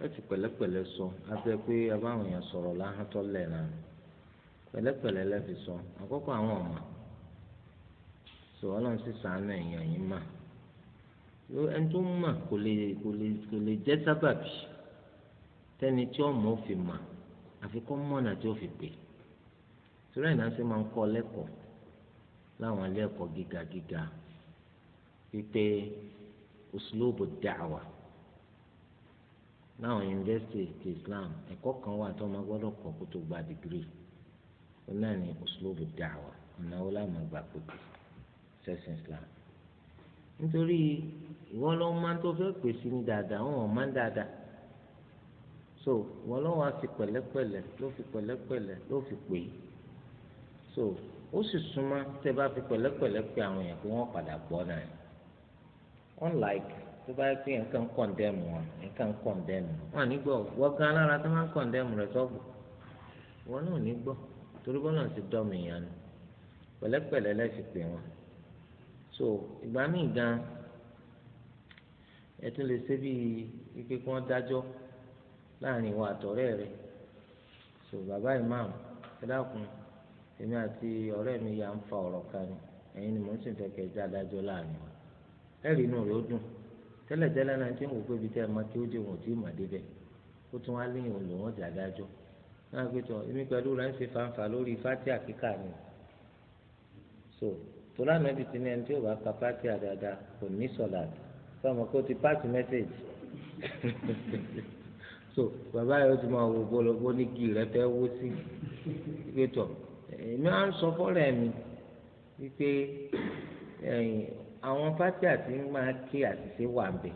ẹ fi pẹ̀lẹ́pẹ̀lẹ́ sọ afẹ́ pé abáwọn èèyàn sọ̀rọ̀ láhàtọ́ lẹ̀ náà pẹ̀lẹ́pẹ̀lẹ́ lẹ́fi sọ àkọ́kọ́ àwọn ọ̀mà sọ ọlọ́run sì sàánú èèyàn yìí mà ẹni tó mà kò lè kò lè kò lè jẹ́ sábàbí tẹ́ni tí fi mà àfikọ́ mọ́nà tí fi pè sọ́rọ́ ìnáwó ma máa ń kọ́ lẹ́kọ̀ọ́ láwọn ilé ẹ̀kọ́ gíga gíga wípé láwọn yunifásitì ti islam ẹ̀kọ́ kan wà tó ọmọ gbọ́dọ̀ kọ́ kó tó gba dìgírì ó náà ní uslubu da'wa ọ̀nà wo láwọn gbà pèpè sẹ́sìn islam nítorí ìwọ lọ́wọ́ máa ń tó fẹ́ pèsè ní dáadáa wọn ò máa ń dáadáa so ìwọ lọ́wọ́ á fi pẹ̀lẹ́pẹ̀lẹ́ ló fi pẹ̀lẹ́pẹ̀lẹ́ ló fi pè é so ó sì súnmọ́ tẹ́ bá fi pẹ̀lẹ́pẹ̀lẹ́ pé àwọn èèyàn pé wọ́n padà gbọ́ náà unlike tó bá pín nǹkan kọ̀ǹdẹ́mù wọn nǹkan kọ̀ǹdẹ́mù wọn nígbọ́ wọ́n gan alára tó máa ń kọ̀ǹdẹ́mù rẹ̀ sọ́gbọ̀ wọn náà nígbọ́ torí bọ́lá ti dọ́mù ìyá ni pẹ̀lẹ́pẹ̀lẹ́ lẹ́sìn pé wọn. so ìgbà míì gan ẹ tún lè ṣe bíi ike kí wọ́n dájọ́ láàrin ìwà àtọ̀rẹ́ rẹ̀ so bàbá Imam, ẹ dákun èmi àti ọ̀rẹ́ mi yà ń fa ọ̀rọ̀ kan ni ẹ̀yin ni mò ń sì fẹ́ kẹ́ ẹ dá adájọ́ láàrin wa ẹ̀rí inú rẹ̀ ó dùn tẹ́lẹ̀tẹ́lẹ̀ náà tí ń wò pé ibi tẹ́ ẹ máa kí ó dé wọn ò tí ì mà débẹ̀ ó tún wá léyìn olùwọ́n jà dájọ́ náà pé tọ́ èmi pẹ̀lú rẹ̀ ń ṣe fanfa lórí fati àkíkà ni so tọ́lá nàbì tí ní ẹni tí ó bá ka fati àdáadáa kò ní sọ̀lá fọmọ kó ti pass message so bàbá yóò ti máa wò bọ́lọ́bọ́ ní kí rẹ fẹ́ wó sí pé tọ́ èmi á ń sọ fọ́lẹ̀ mi wípé àwọn pátí àti máa kí àṣìṣe wà bẹ̀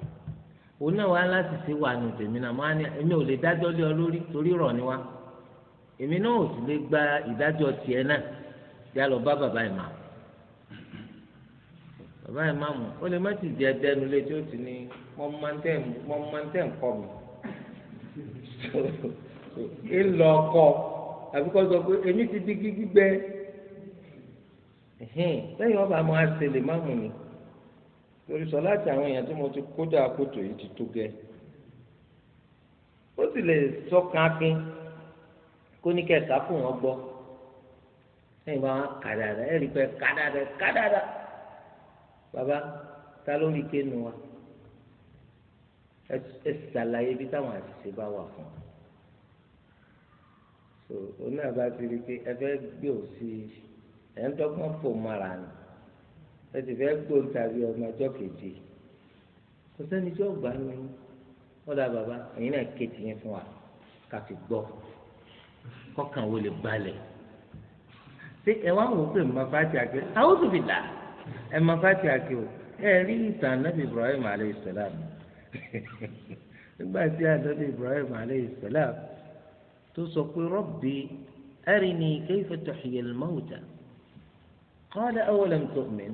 òun náà wà láti ṣe wà nù tèmi náà máa ní èmi ò lè dájọ́ lé ọ lórí torí rọ̀ ni wá èmi náà ò sì lè gba ìdájọ́ tiẹ̀ náà yá lọ bá bàbá ìmáàmù bàbá ìmáàmù ó lè má ti di ẹdẹnu lé tí ó ti ní mọ́mọ́ntẹ́ǹ kọ́ mi ń lọ ọkọ àbíkọ́ sọ pé èmi ti di gbígbẹ́ lẹ́yìn ọba máa ṣe lè má mú mi torí sọ láti àwọn èèyàn tí mo ti kódà kótó yìí ti tó gẹ́ ó sì lè sọ kankin kó ní kẹta fún wọn gbọ́ ẹ̀yìn bá wọn kàdàdà ẹ̀rí pé kàdàdà kàdàdà bàbá ta lórí kéènù wa ẹ ṣàlàyé bí táwọn àṣìṣe bá wà fún wa so onáà bá ti rí i pé ẹ fẹ́ gbé òsì ẹ̀ ń dọ́gbọ́n fò mọ́ra ni ẹ sì fẹ́ gbóhùn tàbí ọmọ ọjọ́ kejì kò sẹ́ni tí ó gbà ní ọ̀dà bàbá ẹ̀yin náà ké tiyín fún wa ká fi gbọ́ kọ́kàn wo lè balẹ̀ ṣé ẹ wá wò ó pé màá fàájì àgbẹ àwọn tó fi dà ẹ màá fàájì àgbẹ o ẹ rí ìtàn nàbì Ibrahim aleyhi salam nígbà tí àdọ́dọ̀ Ibrahim aleyhi salam tó sọ pé rọ́bì arini kayfa tuhyil mawta qala awalam tu'min.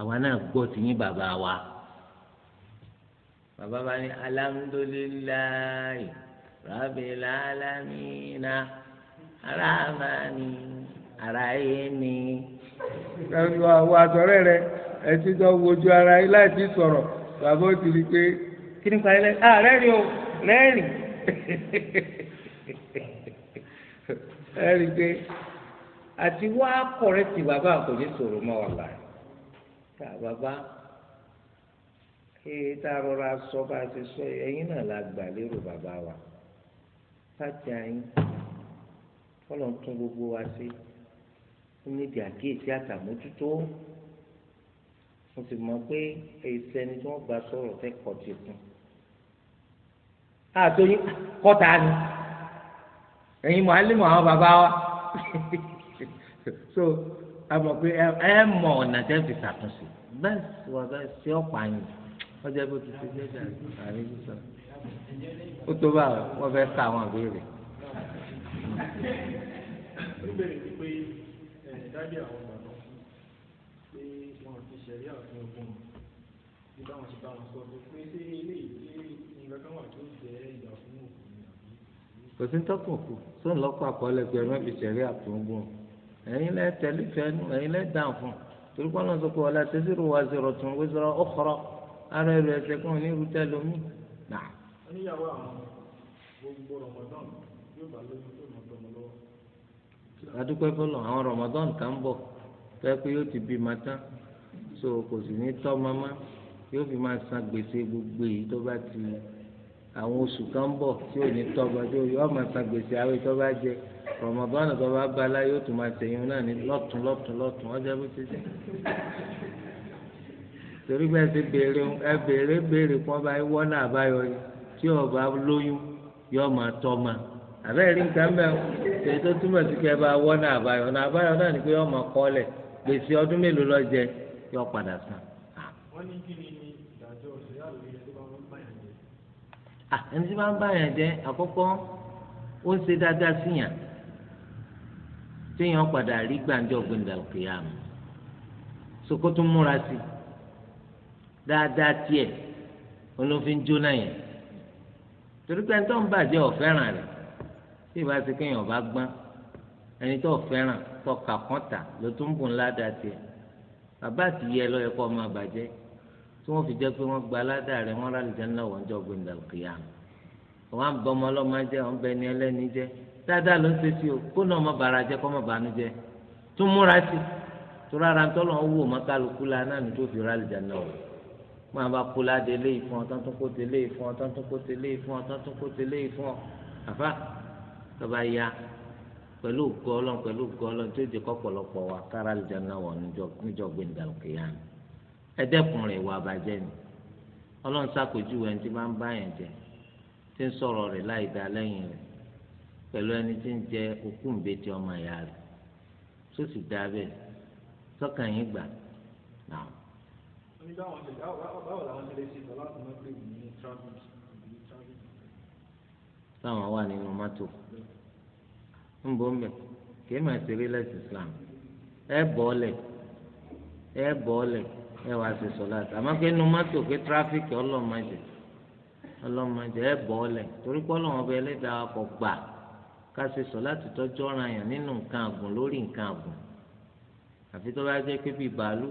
àwa náà gbọ́ ti yín bàbá wa bàbá bá ní alhamdulilayi rabila alamina aramani arayeni. ẹnu àwọn àtọ̀rẹ́ rẹ ẹ ti jọ wojú ara yín láì ti sọ̀rọ̀ bàbá ó ti rí i pé kí ni parí lẹ́yìn ah rẹ́rìn o rẹ́rìn ẹ̀rí pé àti wá kọ̀rẹ́tì bàbá kò ní sọ̀rọ̀ mọ́ wà láàyè tá bàbá ee tá a rọra sọ bá a ti sọ ẹ̀yin náà la gbà lérò bàbá wa láti àyín fọlọ́n tún gbogbo wa sí ó ní di àkíyèsí àtàmójútó mo sì mọ̀ pé èsì ẹni tí wọ́n gba sọ̀rọ̀ fẹ́ kọ̀ ti kún àtòyìn kọ́ta ni ẹ̀yin mọ̀ alẹ́ mọ̀ àwọn bàbá wa so àmọ́ pé ẹ mọ ọ̀nà tẹ́ fi ṣàtúnṣe bẹ́ẹ̀ sì wà bẹ́ẹ̀ sí ọ̀pá yìí ọjọ́ bó ti ṣe jẹ́jà àrí sísọ. ó tó bá wọn fẹ́ ka àwọn àbẹ̀rẹ̀. ni pé dájú àwọn bàbá pé wọn ti ṣẹ̀rí àwọn ogun kò sí ń tọ́kùn òkú sóun lọ́kọ̀ àkọọ́lẹ̀ pé ẹ má fi ṣẹ̀rí àtúngbọ̀n ẹ̀yin lẹ tẹ̀lé fẹ́nu ẹ̀yin lẹ dàn fún torí kọ́ lọ́n sọ pé ọ̀la tẹ̀sí ro wa zero tún wí sọ̀rọ̀ ó kọ́rọ́ ara ẹ̀rọ ẹ̀sẹ̀ kan ní irú tẹ́ lomi nà. oníyàwó àwọn gbogbo rọmọdán yóò bá lóyún tó mọ tọmọ lọ́wọ́. adúpẹ́ fọlọ́ àwọn rọmọdán kan bọ̀ fẹ́ pé yóò ti bí ma tán so kò sì ní tọ́ mamá yóò fi máa san gbèsè gbogbo èyí tó bá ti àwọn oṣù kan bọ̀ tí ò ní tọ́ bá tó rọmọbọ́nù tó bá bá láyé ó tún máa tẹ̀yìn náà ní lọ́tún lọ́tún lọ́tún ọjọ́ bó ti jẹ́ torí bẹ́ẹ̀ ti béèrè ẹ béèrè béèrè ọba lóyún yọ ma àbẹ́ rí nǹkan bẹ́ẹ̀ tèyí tó túmọ̀ sí kẹ́ bá wọ́n náà náà náà ni pé yọ máa kọ́ lẹ̀ gbèsè ọdún mélòó lọ jẹ padà wọ́n ní kí ni ìdájọ́ téèyàn padà rí gbàǹjọ gbẹndàlùkìyàmù sokoto múra sí dáadáa tiẹ̀ olófin jóná yẹn torí pé ẹni tó ń bàjẹ́ ọ̀fẹ́ràn rẹ̀ tí ìbá ti kéèyàn bá gbọ́n ẹni tó fẹ́ràn tó kà kán tà ló tún bùn ládàá tiẹ̀ bàbá àti ìyá ẹ lọ́yẹ kó ọmọ àbàjẹ́ tí wọ́n fi jẹ́ pé wọ́n gba ládàá rẹ̀ wọ́n rálẹ̀ jẹ́ ńlá wọ́n jọ gbẹndàlùkìyàmù wọ́n á bọ́ ọmọ ọlọ́mọ jẹ́ wọ́n bẹ ní ẹlẹ́ni jẹ́ dáadáa ló ń ṣe sí o kó náà má bàrà jẹ kó má bàánu jẹ tó múra sí tó rárá ń tọ́lọ̀ wò má kálukú la náà ní tó fi rà lìjà náà o máa bá kó láde léyìí fún ọ tán tó kó télé yìí fún ọ tán tó kó télé yìí fún ọ tán tó kó télé yìí fún ọ àfa tọba ya pẹ̀lú gọ́ọ̀lọ́n pẹ̀lú gọ́ọ̀lọ́n tó jẹ́ kọ́pọ̀lọpọ̀ wa kára lìjà náà wọ̀ níjọ́ gbẹ̀ndàlùkè yá ni ẹ̀dẹ́kùnrin ìwà àbàjẹ́ ni ọlọ́run ṣàpèjúwe ẹni tí máa ń bá yẹn jẹ tí ń sọ̀rọ̀ rẹ̀ láì dá lẹ́yìn rẹ̀ pẹ̀lú ẹni tí ń jẹ òkú ìbejì ọmọ ìyá rẹ̀ tó sì dá bẹ́ẹ̀ sọ́kàn yín gbà náà. táwọn wà nínú mọ́tò ń bọ́ mbẹ́ kí ẹ máa ṣeré lẹ́sìn Islam ẹ bọ́ ọ̀lẹ̀ ẹ bọ́ ọ̀lẹ̀ ẹ wàá ṣe sọ̀lá àmọ́ pé nínú mọ́tò pé tráfíkì ọlọ́mọdé ọlọ́mọdé ẹ bọ́ ọ̀lẹ̀ torí pé ẹlẹ́dàá ọkọ̀ gbà. ká ṣe sọ̀láàtì tọ́jú ọ̀ràn yàn nínú nǹkan àgùn lórí nǹkan àgùn àfi tó bá jẹ́ pé bíi bàálù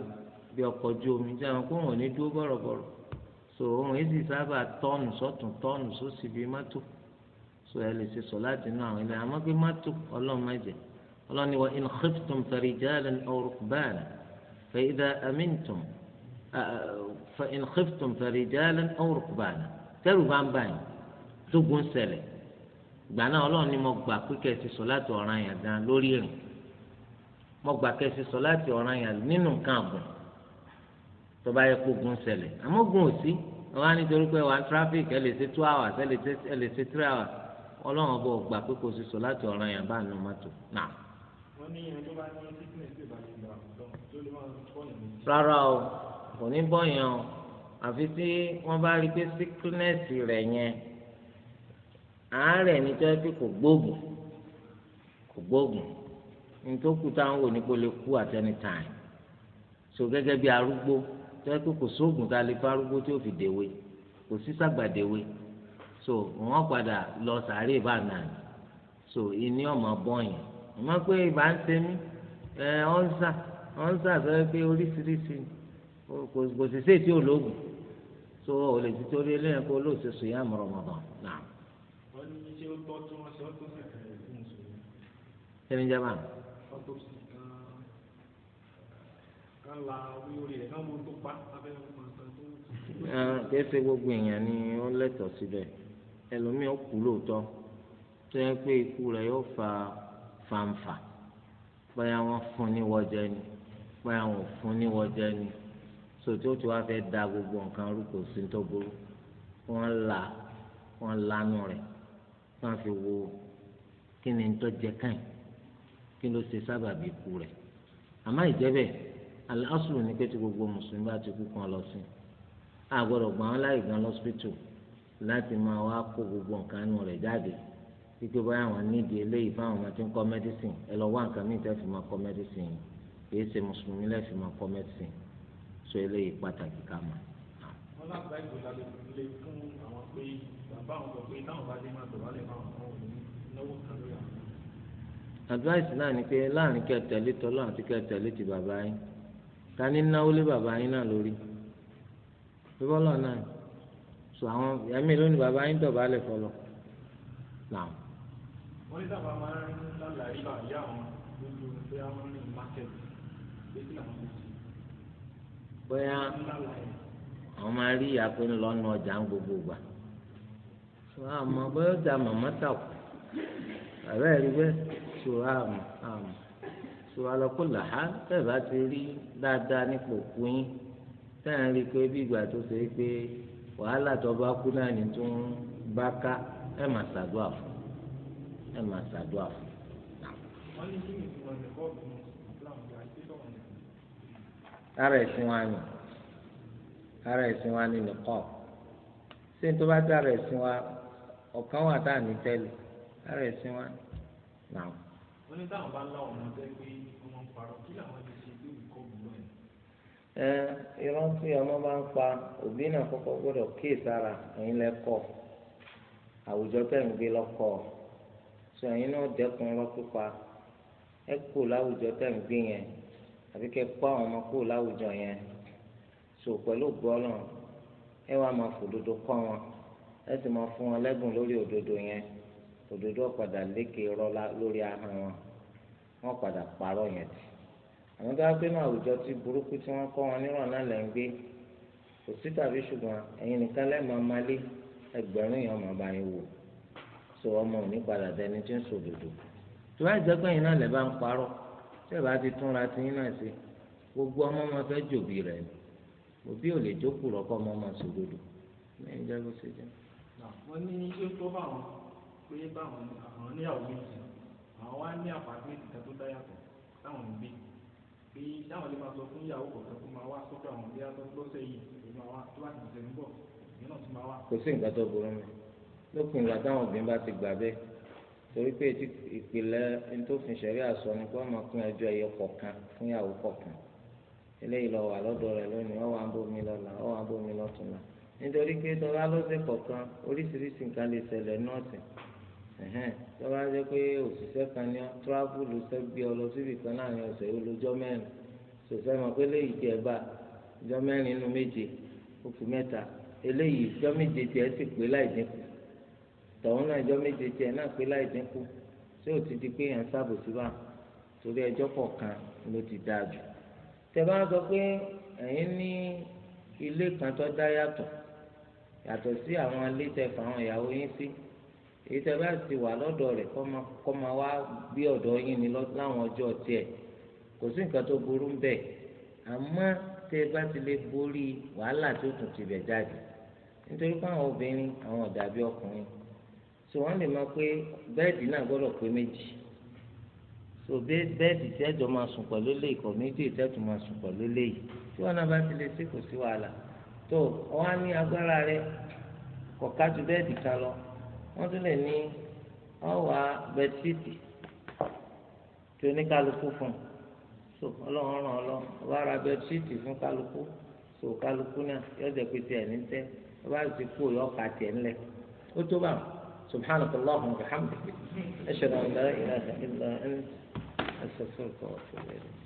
bí ọkọ̀ ojú omi jẹ́ àwọn kó wọn ní dúró bọ̀rọ̀bọ̀rọ̀ so òun èsì sábà tọ́ọ̀nù sọ́tún tọ́ọ̀nù sósì bíi mọ́tò so ẹ lè ṣe sọ̀láàtì náà àwọn ilé àmọ́ pé mọ́tò ọlọ́run má wa in khiftum farijalan aw rukbana fa idha amintum fa in khiftum farijalan aw rukbana tẹ́rù bá ń báyìí tó gún ṣẹlẹ̀ ìgbà náà ọlọ́run ni mo gbà pé kẹ́sì sọ láti ọ̀ràn yàn gan lórí ìrìn mo gbà kẹ́sì sọ láti ọ̀ràn yàn nínú nǹkan àbùn tó bá yẹ kó gun ṣẹlẹ̀ àmọ́ gun ò sí wọn á nítorí pé wà á tráfíìkì ẹ lè ṣe two hours ẹ lè ṣe three hours ọlọ́run ọba ò gbà pé kò sí sọ láti ọ̀ràn yàn bá nu mọ́tò náà. wọ́n ní ẹni tó bá ní sickness tó bá rárá o kò ní bọ́yàn àfi tí wọ́n bá rí pé sickness rẹ̀ yẹn àárẹ̀ ni tó yẹ pé kò gbóògùn kò gbóògùn nítòkù táwọn wò ní kó lè kú at any time so gẹ́gẹ́ bí arúgbó tó yẹ pé kò sóògùn tá a lè fa arúgbó tí fi dèwe kò sí sàgbàdèwe so wọ́n padà lọ sàárè ìbànà so ìní ọmọ bọ́yìn ìmọ̀ pé ìbá ń mí ẹ sà oríṣiríṣi kò sì so ò lè ti torí kó ní ṣé ó tọ́ tí wọ́n ṣe ọ́tọ́sì kan rẹ̀ jábà. ọ́tọ́sì gbogbo èèyàn ni ó lẹ́tọ̀ọ́ síbẹ̀ ẹlòmíì ó kú lóòótọ́ tó yẹ pé ikú rẹ̀ yóò fa fanfa báyà wọn fún ní wọjẹ ni báyà wọn fún ní wọjẹ ni sòtí ó ti wá fẹ́ da gbogbo nǹkan rúkò sí tó burú wọn là wọn lanu rẹ̀ kí wọ́n fi wo kí ni ń tọ́jẹ káyìn kí ló ṣe sábàbí ikú rẹ̀ àmọ́ ìjẹ́bẹ̀ aláṣùrù ní pé tí gbogbo mùsùlùmí bá ti kú kan lọ sí a gbọ́dọ̀ gbọ́n wọn láì gan lọ́sípítù láti máa wá kó gbogbo nǹkan nù rẹ̀ jáde wípé báyà wọn nídìí eléyìí fáwọn ọmọ tí ń kọ́ mẹ́dísìn ẹ lọ wá nǹkan míì tẹ́ fi máa kọ́ mẹ́dísìn yìí kì í ṣe mùsùlùmí lẹ́ẹ̀ fi máa kọ́ mẹ́dísìn so eléyìí pàtàkì ká mọ̀. wọn lágbàá ìgbòdà lè fún àwọn pé advice náà ni pé láàrin kẹ́ tẹ̀lé tọlọ àti kẹ́ tẹ̀lé ti bàbá yín ta ni náwó lé bàbá yín náà lórí bíbọlọ náà sọ àwọn ẹmí lónìí bàbá yín dọ̀bà lẹ̀ fọlọ náà. wọ́n ní sábà máa ń lálàyé àyà àwọn lójú pé àwọn ní mákẹ́tì pé kí àwọn ti bóyá àwọn máa rí ìyá pé ń lọ ọjà ń gbogbo gbà àmọ́ bóyá ó da màmá tà kù àbẹ́ rí bẹ́ẹ̀ tó àmọ́ àmọ́ tó alọ́kùnlá á bẹ́ẹ̀ bá ti rí dáadáa nípò òkú yín táyà ń rí i pé bí ìgbà tó ṣe é pé wàhálà tó bá kú náà ní tó ń bá ká ẹ mà ṣàdúà fún ẹ mà ṣàdúà fún. ara ẹ̀sìn wa ni ara ẹ̀sìn wa ni nìkọ́ ṣé tó bá dára ẹ̀sìn wa ọ̀kan wà tá à ní tẹ́lẹ̀ lára ẹ̀sìn wa náà. wọ́n ní táwọn bá ń láwọn ọmọdé pé ọmọ ń parọ́ kí làwọn ti ṣe lórí kọ́ ẹ tí ọmọ bá ń pa òbí náà kọ́kọ́ gbọ́dọ̀ kíì ẹ̀yin lẹ́kọ̀ àwùjọ gbé lọ́kọ̀ yẹn àbí kó ọmọ láwùjọ yẹn sọ pẹ̀lú náà ẹ wàá máa ẹ sì máa fún wọn lẹ́bùn lórí òdodo yẹn òdodo ọ̀padà lékè rọ́lá lórí ahọ́n wọn wọ́n padà parọ́ yẹn tì àwọn tó wá pé náà àwùjọ tí burúkú tí wọ́n kọ́ wọn nírọ̀ náà lẹ́ ń gbé kò sí tàbí ṣùgbọ́n ẹ̀yin nìkan lẹ́ẹ̀mọ́ malé ẹgbẹ̀rún yẹn ọmọ bá yín wò so ọmọ òní padà dẹni tí ń sòdodo tó wáá jẹ́ pé náà lẹ́ bá ń parọ́ tẹ́ bá ti túnra wọ́n ní ṣé tó bá wọn pé báwọn àwọn níyàwó méjì àwọn wá ní àpàtúmẹ̀tì kan tó dá táwọn ń gbé pé táwọn lè máa sọ fún ìyàwó kọ̀ọ̀kan tó máa wá sọ́dọ̀ àwọn bí wọ́n lọ́sẹ̀ yìí tó máa tó bá ti ṣẹ̀ ń bọ̀ ìyẹn náà tó máa wá. kò sí nǹkan tó burú mi lópin ìgbà táwọn obìnrin bá ti gbà bẹ́ẹ̀ torí pé ìpìlẹ̀ nítòfin ṣẹ̀rí àṣọ ni kí wọ́n máa pín ọjọ́ ẹyọ kọ̀ọ̀kan fún ìyàwó kọ̀ọ̀kan eléyìí lọ wà lọ́dọ̀ rẹ̀ lónìí ọ̀wà ń bómi lọ́la ọ̀wà ń bómi lọ́túnla nítorí pé tọ́ba lọ́sẹ̀ kọ̀ọ̀kan oríṣiríṣi nǹkan lè ṣẹlẹ̀ nọ́ọ̀sì tọ́ba jẹ́ pé òṣìṣẹ́ kan ní tíráfùlù sẹ́gbẹ́ ọ lọ síbi kan láàrin ọ̀sẹ̀ olójọ́ mẹ́rin ṣòṣẹ́ mọ̀ pé léyìí jẹ́ bá ọjọ́ mẹ́rin nínú méje oṣù mẹ́ta eléyìí ọjọ́ méje tiẹ̀ sì pé tọ̀hún náà ọjọ́ méje tiẹ̀ náà pé ṣé ò ti di pé yẹn ń sábò síbà torí ẹjọ́ kọ̀ọ̀kan ló ti dáa jù bá sọ pé ẹ̀yin yàtọ̀ sí àwọn alétẹ̀fọ̀ àwọn ìyàwó yín sí èyí tẹ́ bá ti wà lọ́dọ̀ rẹ̀ kọ́ máa wá bí ọ̀dọ̀ yín ni láwọn ọjọ́ tiẹ̀ kò sí nǹkan tó burú bẹ́ẹ̀ àmọ́ tẹ́ bá ti lè borí wàhálà tó tún ti bẹ̀ jáde nítorí pé àwọn obìnrin àwọn ọ̀dàbí ọkùnrin so wọ́n lè máa pé bẹ́ẹ̀dì náà gbọ́dọ̀ pé méjì so bẹ́ẹ̀dì tẹ́jọ máa sùn pẹ̀lú léyìí kọ̀ tẹ́tù máa sùn pẹ̀lú léyìí tí wọ́n náà bá ti lè sí kò sí wàhálà tó wọn ní agbára rẹ kọ̀ọ̀ká ju bẹ́ẹ̀dì lọ wọ́n tún lè ní ọ̀wà bẹ́ẹ̀sìtì tí oníkálukú fún un so ọlọ́run ràn ọ́ lọ ọba fún kálukú so kálukú náà yọ̀ọ́dẹ̀ pété ẹ̀ ní tẹ́ ọba ti kú yọ̀ọ́ka tiẹ̀ ńlẹ̀ ó tó bá na